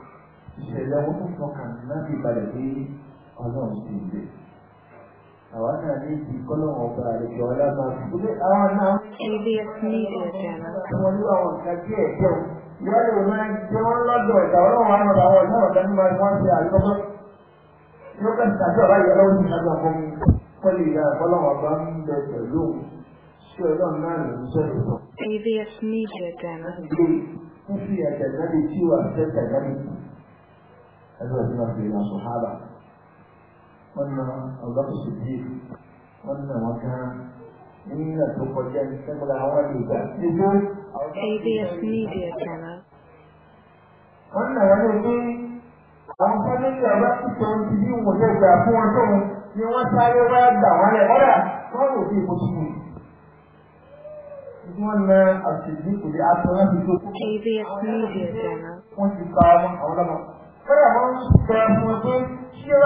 ìṣẹ̀lẹ̀ owó tó fọkàn láti balẹ̀ ní ọlọ́run ti ilé. Àwọn náà ní ti kọ́lọ́wọ̀n ọba àlejò ọlọ́mọ ìdílé àwọn náà. ABS Media Channel. Wọ́n ní àwọn nǹkan tí ẹ̀ jẹun. Yọ́lẹ̀ òun náà jẹ́ wọ́n lọ́dọ̀ ẹ̀dá ọlọ́run àwọn ọ̀dà àwọn ọ̀dà ọ̀dà ní máa wọ́n ṣe àyọ́kọ́. Yóò kẹ́ ìtàjú ọ̀rá yọ lọ́wọ́ ní ìtajà fún mi. Kọ́lé ìyá ọlọ́run ọba ń bẹ pẹ̀lú ṣé ọlọ́run náà lè ń sọ ìtàn. Media Channel. Ìgbé fífi ẹ̀jẹ̀ náà lè tí wà fẹ́ tẹ̀lé ẹgbẹ́ tí wọ́n fi ìlànà sọ̀hábà wọ́n na ọlọ́pù sùdí wọ́n na wọ́n gan nígbà tó kọjá ìṣẹ́gbọ́lá àwọn ìgbà títí ABS Media Channel. wọ́n na wọ́n lè ní àwọn fámílì ọba títọ́ ti bí wọ́n lè gbà fún wọn tó ni wọ́n sáré wá gbà wọ́n lẹ̀ ọ́dà wọ́n rò bí ìbò sùn. Wọ́n na àṣìṣe kò dé aṣọ láti tó. Wọ́n ti pa ọmọ àwọn ọlọ́mọ kọ́dà wọ́n ń sọ fún un pé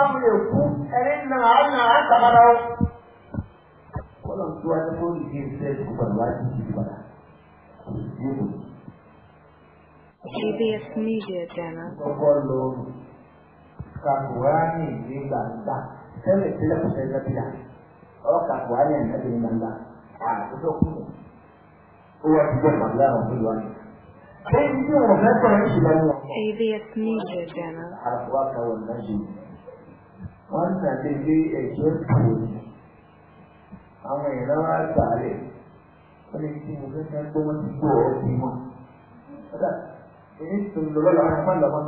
mo lè kú ẹni nà á tàbára o. kọ́dà tó wá ní fóònù kí n kó padà wá sí ìdílé padà kò Media Channel. Kọ́kọ́ lọ Kàkùránì ìdí gbàgbà tẹ́lẹ̀ tẹ́lẹ̀ kò tẹ́lẹ̀ bí i ọ̀ Kàkùránì ìdí gbàgbà àkójọ kúrò. Ó wá ti gbọ́ Kàkùránì ìdí gbàgbà. ABS Media Channel. Àwọn ìran wa gbà lè fi mo fẹ́ pé wọ́n ti gbọ́ ọ bí wọn. Ọ̀dà, èyí tó ń lọ lọ́la wọn máa lọ mọ́.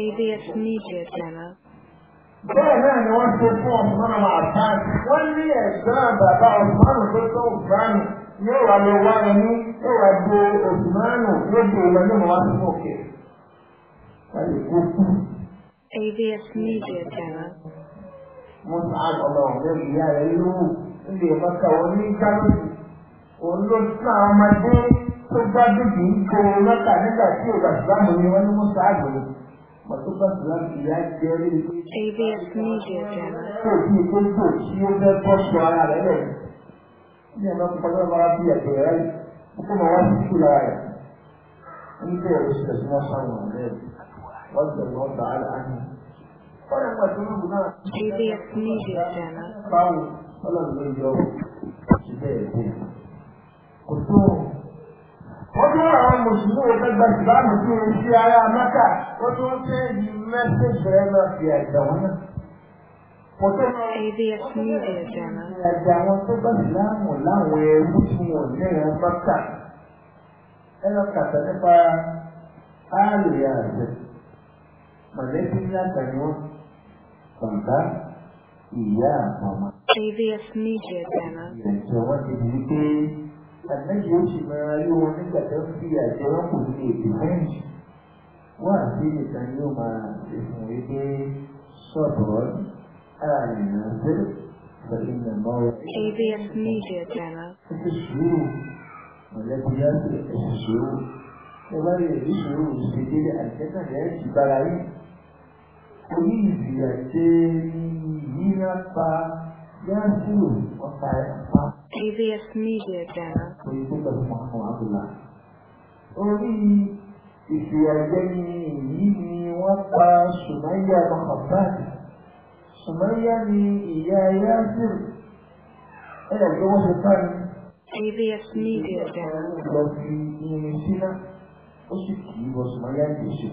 ABS Media Channel. Bẹ́ẹ̀ náà ni wọ́n ṣe fún ọ̀sán ọmọ àtàn. Wọ́n ní ẹ̀gbọ́n bàbá ọ̀sán tó tó gbàánù ní òwàlẹ̀ wà ní ó wà dé oṣù márùn-ún lóde ìlọ ní mọ̀ wá sí òkè. AVS Media Channel. Mo sọ àgbọ̀dọ̀ ah, ọ̀gbẹ́ ìyá rẹ̀ lóhùn níbi ìmọ̀ta òní jákèjì. Òun ló tún àwọn ọmọdé tó gbádùn kì í kó lọ́tà nígbà tí ògbà ìsìlámù ni wọ́n ní mo sọ àgbọ̀dọ̀. Màtúbà ìsìlámù ìyá jẹ́ rí. AVS Media Channel. Kò sí ìkókò tí ó fẹ́ bọ́ sọ ara rẹ̀ lẹ̀. Ní ẹ̀rọ pọ̀jọ́ bí ẹ̀jẹ̀ rẹ̀ yìí. အခုမဝရှိရှိလာရတယ်အင်းတဲ့ရှိတဲ့နာဆောင်တယ်ဝတ်တော်တော်တာအန်ဘာမှမတူဘူးနော် GPS Media Channel ဘာလို့လဲရောဒီတဲ့ကိုတော့ဘုရားအမှုရှိလို့တက်တက်ဗာမပြင်းရှာရမှာကဘုရားရဲ့ message ရဲ့ပြည့်တော်နော် ABS Media Channel. Ẹ̀dẹ̀ àwọn tó bá sì láàmù láwọn ẹrú tí wọ́n ní ẹ̀rọ bá kà. Ẹ̀rọ kàtà nípa ààrẹ àgbẹ̀. Mọ̀lẹ́bí ní àtàrí wọn. Bàbá, ìyá àbọ̀mọ̀. ABS Media Channel. Ìrẹ̀jẹ̀ wọn ti di pé àtẹ́jì ó sì máa rí wọn nígbà tó ń fi àjẹ wọn kò ní èdè fẹ́ǹsì. Wọ́n àti ìtàn yóò máa ṣèṣin wípé sọ̀rọ̀ ọ̀dùn. ABS Media Channel. Mọ̀lẹ́bí yá sí ẹ̀sìn ṣòro. Ẹ bá rí èyí ṣòro ṣe délé àìsẹ́kà rẹ̀ ti bára yìí. Oní ìjìyà ṣe yíra pa yá sí ọ̀pá ẹ̀pá. ABS Media Channel. Oyin tó pẹ̀lú mọ́ àwọn àbúlà. Orí ìfìyàjẹni yìí ni wọ́n pa Sùmáyà Mahabat. Sùmọ́yá Media Dẹ́. Lọ fi irin síná, ó sì kì í wọ Sùmọ́yá ní Media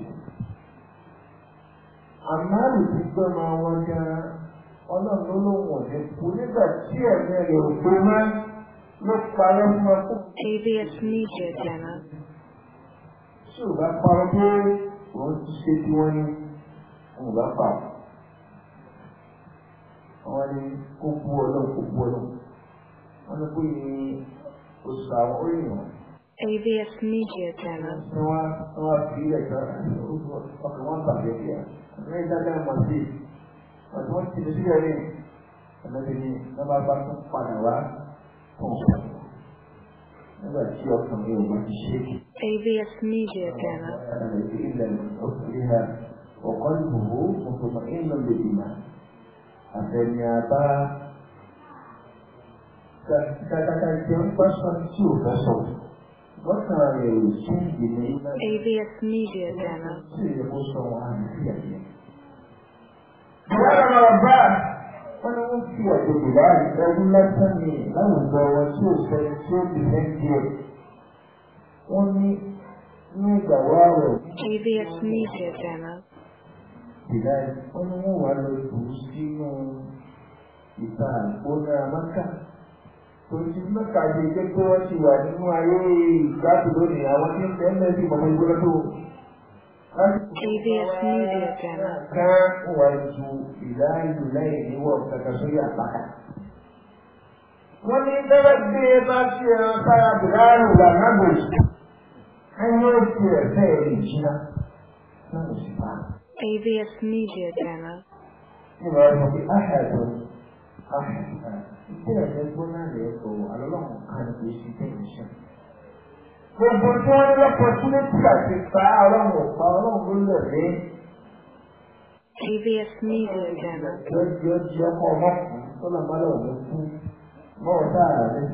Dẹ́. Tí ò bá parọ́ pé òun ti ṣe tí wọ́n ní, òun bá parọ́ wọ́n ní kó bú ọlọ́run kó bú ọlọ́run wọ́n ní kó yẹ oṣù àwọn oríyàn. AVS Media Channel. Ní wọ́n wá fi ilẹ̀ kan ọkàn wọn bàjẹ́ bí i. Àbúrò ìdájọ́ ìmọ̀ sí i. Wọ́n wọ́n ti lè sílẹ̀ rí. Ẹ̀mẹ́bí ni wọ́n bá bá tún padà wá fún un. Nígbà tí ọkùnrin ò bá ti ṣe é. AVS Media Channel. Ilẹ̀ òkèèrè ọ̀kọ́ ìbùbù mọ̀tòmọ̀ ìlànà ìmọ̀ àtẹ̀yìn apa kàkàkà ìjẹun pásítọ̀ tí ò fẹ́ sọ̀rọ̀. AVS Media Channel. Bọ́lá bá wọ́n ní wọ́n fi àgbègbè láàrin ẹgbẹ́ lásán ní AVS Media Channel. Bilal ó ní wọ́n wà lọ bù ú sínú ìta àgbóná Mẹ́kà. Tòṣì Mẹ́kà yìí jẹ́ pé wọ́n ti wà nínú ayé ìgbádùn lónìí àwọn tí ń tẹ́lẹ̀ sí mọ̀mọ́ ìgbóná tó. KBS Media Channel. Kan wà ju ìdáyìí lẹ́yìn níwọ̀ kankan sórí àpáta. Wọ́n ní bẹ́rẹ̀ gbé bá ti ẹran sára Bilal lànà gbòòsì. Ẹni ó ti ẹ̀fẹ́ ìjìnà náà sì bá a. AVS Media Channel. AVS Media Channel. Lọ́jọ́ jẹ́ ní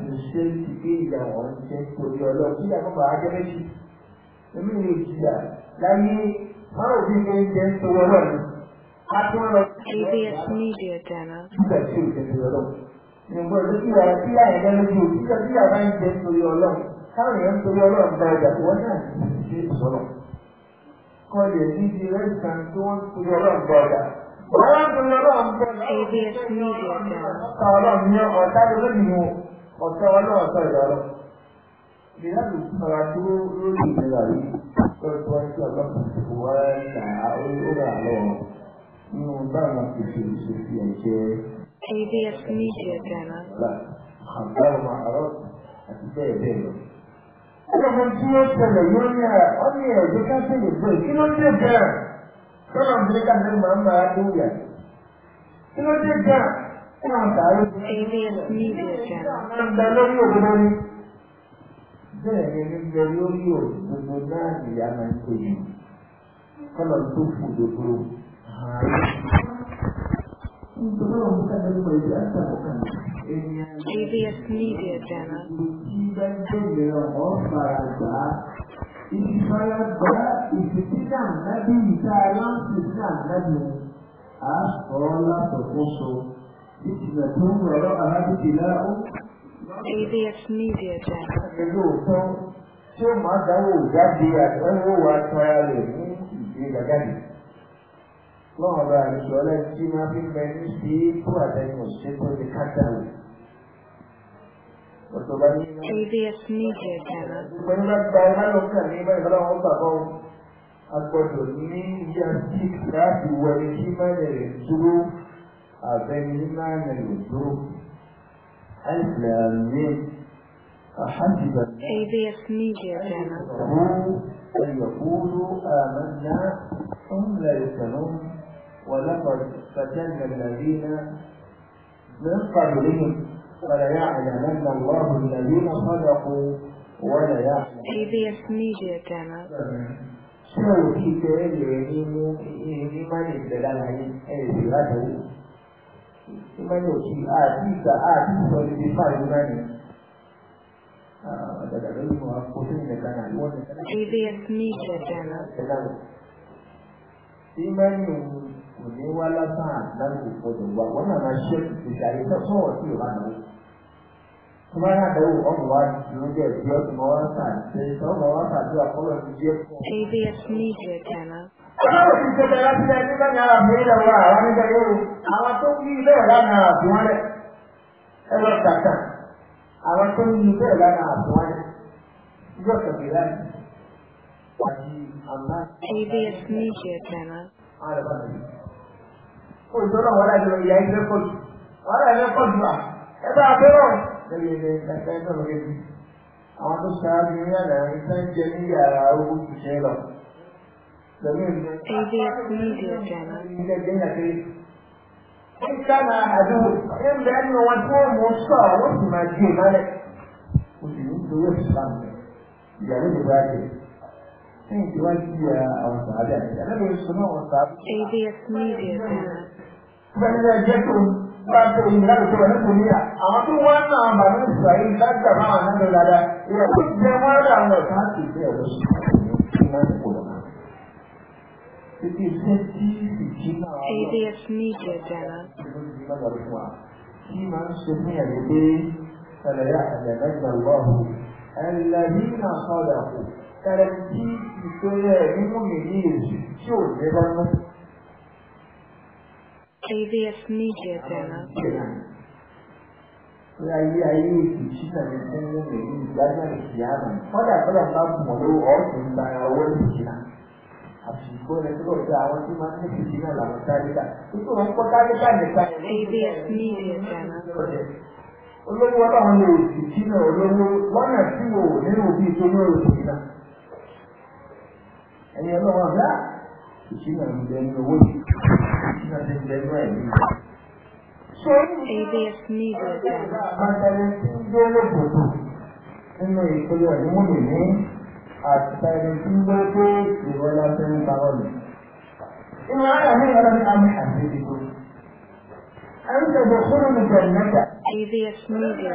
ti ṣe ti gbé ìyàwó ń jẹ́ torí ọlọ́run. Kí ìyàwó bàá jẹ́ méjì. Èmi ò jìyà láyé ABS Media Demo. Ìgbà tí a ti àyẹ̀dá lójú òkúta tí a bá ń jẹ torí ọlọ́run, káwọn èèyàn torí ọlọ́run gba ọjà tí wọ́n náà ti ṣe ìsọ̀rọ̀. Kọ́ lè ní ti rẹ́ẹ̀dì kan tí wọ́n torí ọlọ́run gba ọjà. Wọ́n wá torí ọlọ́run gba ọjà. ABS Media Demo. Ọ̀tá ọlọ́run ní ọ̀tá lónìí wọn, ọ̀tá ọlọ́run sọ̀rọ̀ lọ. Ìyá mi sọ̀rọ̀ dúró lórí ìlera yìí. တော့တော်တော်လောက်ဝါနာအိုရာလောနုဘာမဖြစ်ဖြစ်ပြန်ချေ ABS Media Channel လာဟာဘာမအရောအတိအကျတယ်အဲ့ဒါမှသူ့ဆက်လို့ရုံးရအောင်ရဒီကစိတ်ကိုပြေကျွန်တော်တက်တာကျွန်တော်ဒီကနေမှမအားရကျွန်တော်တက်တာအဲ့ဒါဒါလို့ ABS Media Channel ဒါလို့ဘယ်လို bẹ́ẹ̀ ni nígbẹ́ lórí òdodo náà nìyá máa ń ṣe yìí kọ́lọ̀ tó fò dodo. ABS Media Channel. ABS Media jẹ́. ABS Media Channel. Ìpinnu ní ìbá ìbáláwọ̀ láti wọlé kí máa dúró àbẹ́ni máa lè dúró. ألف لام ميم حسب اي بي اس أن يقولوا آمنا هم لا يفتنون ولقد فتنا الذين من قبلهم وليعلمن الله الذين صدقوا وليعلمن اي بي اس ميديا كانت شنو في كلام يعني إيمان الدلالة عليه أي imani òsì àti ìgbà àti ìsọ̀lẹ̀ ìfà ìmánì daga náà máa ṣe media channel ọlọ́run ti ṣẹlẹ̀ láti ṣe ẹni bẹ́ẹ̀ náírà fún ilẹ̀ wa àwọn níbẹ̀ yóò àwọn tó ní ilé ẹ̀rá náírà fún wọn lẹ̀ ẹ lọ kàkà àwọn tó ní ilé ẹ̀rá náírà fún wọn lẹ̀ yóò tẹ̀lé láti wáyé àmà. ABS Media Channel. ó ìtọ́nà wọ́n láti lọ ìyá ilé pọ̀ jù wọ́n láti lọ pọ̀ jù à ẹ bá a bẹ́rọ̀ lórí ABS Media Channel. Ìtàlá àdúgbò, ẹgbẹ́ ẹni wọn tí wọ́n mú sọ àwọn sì máa di ìmọ́lẹ̀. O sì ní torí ìsìlámù rẹ̀, ìyàrá ìdìbò àjẹ́. Lẹ́yìn tí wọ́n ti yà àwọn sàábẹ̀ àti àlẹ́ ìṣó náà wọ́n sàábẹ̀. ABS Media Channel. Bẹ́ẹ̀ni ẹ jẹ́ tó bá tó ìlànà tó wà nípò níyà. Àwọn tó wọ́n náà bà ní ìsìláyé lágbàmọ́ àwọn náà lọ́dà. Ìyàwó jẹ́ wọ́n rà àwọn ọ̀tá àti ìgbéyàwó sí ìmọ̀ ìpolówó. ADF Media Channel. فليعلمن الله الذين صدقوا ترتيب كتاب مؤمنين شو الجبل AVS Media Channel. Ai ai ci sta nel senso che in casa che si ama, poi la cosa sta un po' o in da o in cucina. àsìkò rẹ̀ tó lọ́dọ̀ àwọn tí máa ń ní ìdí náà làwọn táríkà nítorí wọn kọ́ táríkà nìkan olówó táwọn lè sì kí náà olówó lọ́nà tí mo wò nínú òbí tó ní òsì náà ẹni ọlọ́wọ́ àbá ah! ìṣúná ń bẹ ní owó yìí ìṣúná ti ń bẹ ní ẹ̀mí rẹ̀. ABS Media. Máa tẹ̀lé tí ń gbé lóbòdò nínú ìpínlẹ̀ ìwúni ní àtẹni tí wọ́n pé ìrọ́lá tó ń ta ọ̀nà. Inú ayà ní ìrọ́lá ní àmì àti ìdìbò. Àyíkẹ́ bọ̀ fúnra mi jẹ̀ mẹ́ta. AVS Media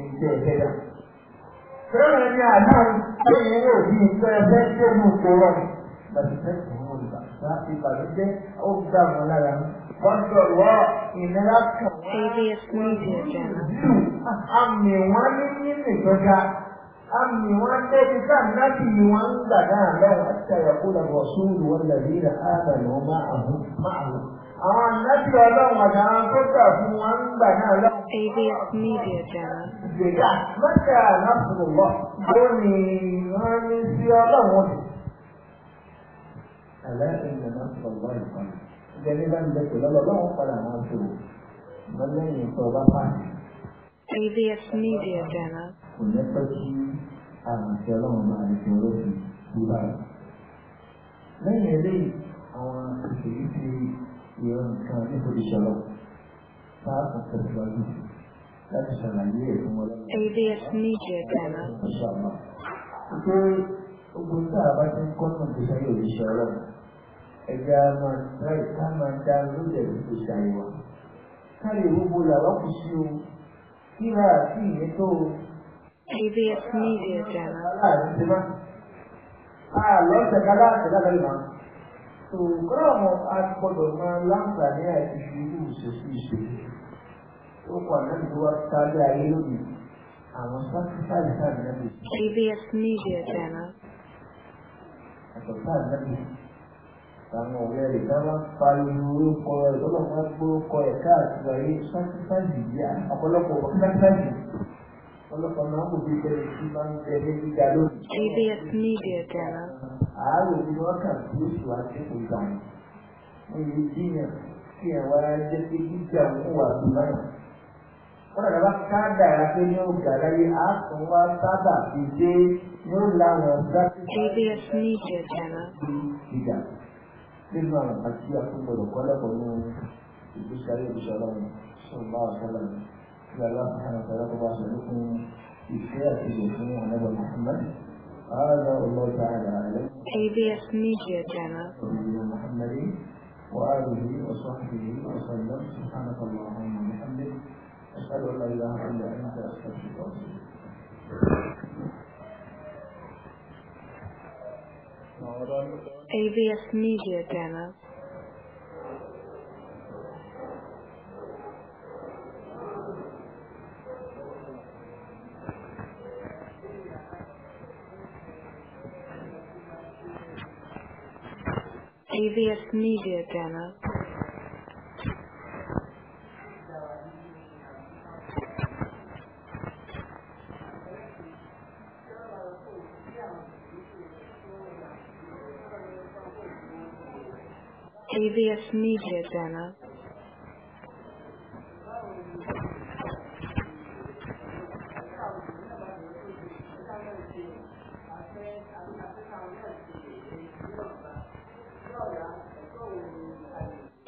ìṣe ìṣẹ̀dá. Fẹ́rẹ̀ ni àná lóyún yóò di ìfẹ́ ẹgbẹ́ tí ó mú kó rọrùn. Bàtìfẹ́ kò mú ìgbà láti ìbàlódé ó gbà wọn lára. Wọ́n sọ wọ́ ìnira kan wá. Àmì wọn ní nínú ìjọba. Àmì wọn débi sáà láti ni wọ́n ń gbà náà lọ́wọ́ àti àyàkó lọ́wọ́ sóòlù wọn lẹ́yìn rẹ̀ áàbà àwọn ànábì ọlọ́run àtàwọn tó kà fún wọn ń gbà náà lọ. ABS Media Channel. ìgbéga mẹ́ta lásìkò bọ̀ ó ní wọ́n ní sí ọlọ́run. aláìsí ìjọba ti ọgbọ́n ìkan ìjọba bá ń bẹ pẹ̀lú ọlọ́run padà máa tó lọ lẹ́yìn tó bá pàdé. ABS Media Channel. kò ní pẹ́ kí àrùntí ọlọ́run máa ń fi olófin bíbá. lẹ́yìn eléyìí àwọn ìṣèlú ti ìran nǹkan nítorí ìṣọ̀lọ́ bá àtẹ̀síwájú láti ṣàlàyé AVS Media Channel. pé ogun tá a bá ti ń kọ́nà ti sáyé òṣìṣẹ́ ọlọ́run ẹ̀jẹ̀ a máa tẹ́lẹ̀ ká máa dá lóde ìlú ìṣàyè wa. ká lè AVS Media Ghana. àlọ́ ìṣẹ̀ká láti ṣẹ̀dá ṣùgbọ́n àwọn agbọ́dọ̀ máa láǹfààní àti irú ìṣèkú ìṣe ó kọ ànábì tó wá sáré ayé lónìí àwọn sáfífáì sáà nábì. KBS Media Channel. àtọ̀ sáà nábì àwọn ọ̀rẹ́ rẹ̀ bá wá pariwo orúkọ rẹ̀ lọ́wọ́ bá gbọ́ orúkọ ẹ̀ káàkiri ayé sáfífáì yá ọ̀pọ̀lọpọ̀ sáfífáì ọlọ́pàá máa ń kò bí bẹ́ẹ̀ sí máa ń tẹ̀lé gíga lónìí. KBS Media Channel àárò ni wọ́n kàn sí oṣù àtìkù ìgbà wọn èyí jiyàn kí ẹ̀ wá jẹ́ pé jíjà ń wà tó náà wọ́n dàgbà káàdà pé ní ọgà láyé á tún wá sábà fi dé ní ó láwọn gbàgbọ́n ìjà nínú àwọn àti àtúgbọ̀dọ̀ kọ́lẹ́kọ̀ọ́ ní ìgbésí ayé ìṣọ̀lá wọn sọ̀rọ̀ bá wà sọ́lá wọn. الله سبحانه وتعالى طبعا لكم في الشيء في الجنة محمد هذا والله تعالى أعلم ABS Media Channel. ABS Media Channel. AVS Media Channel. AVS Media Channel.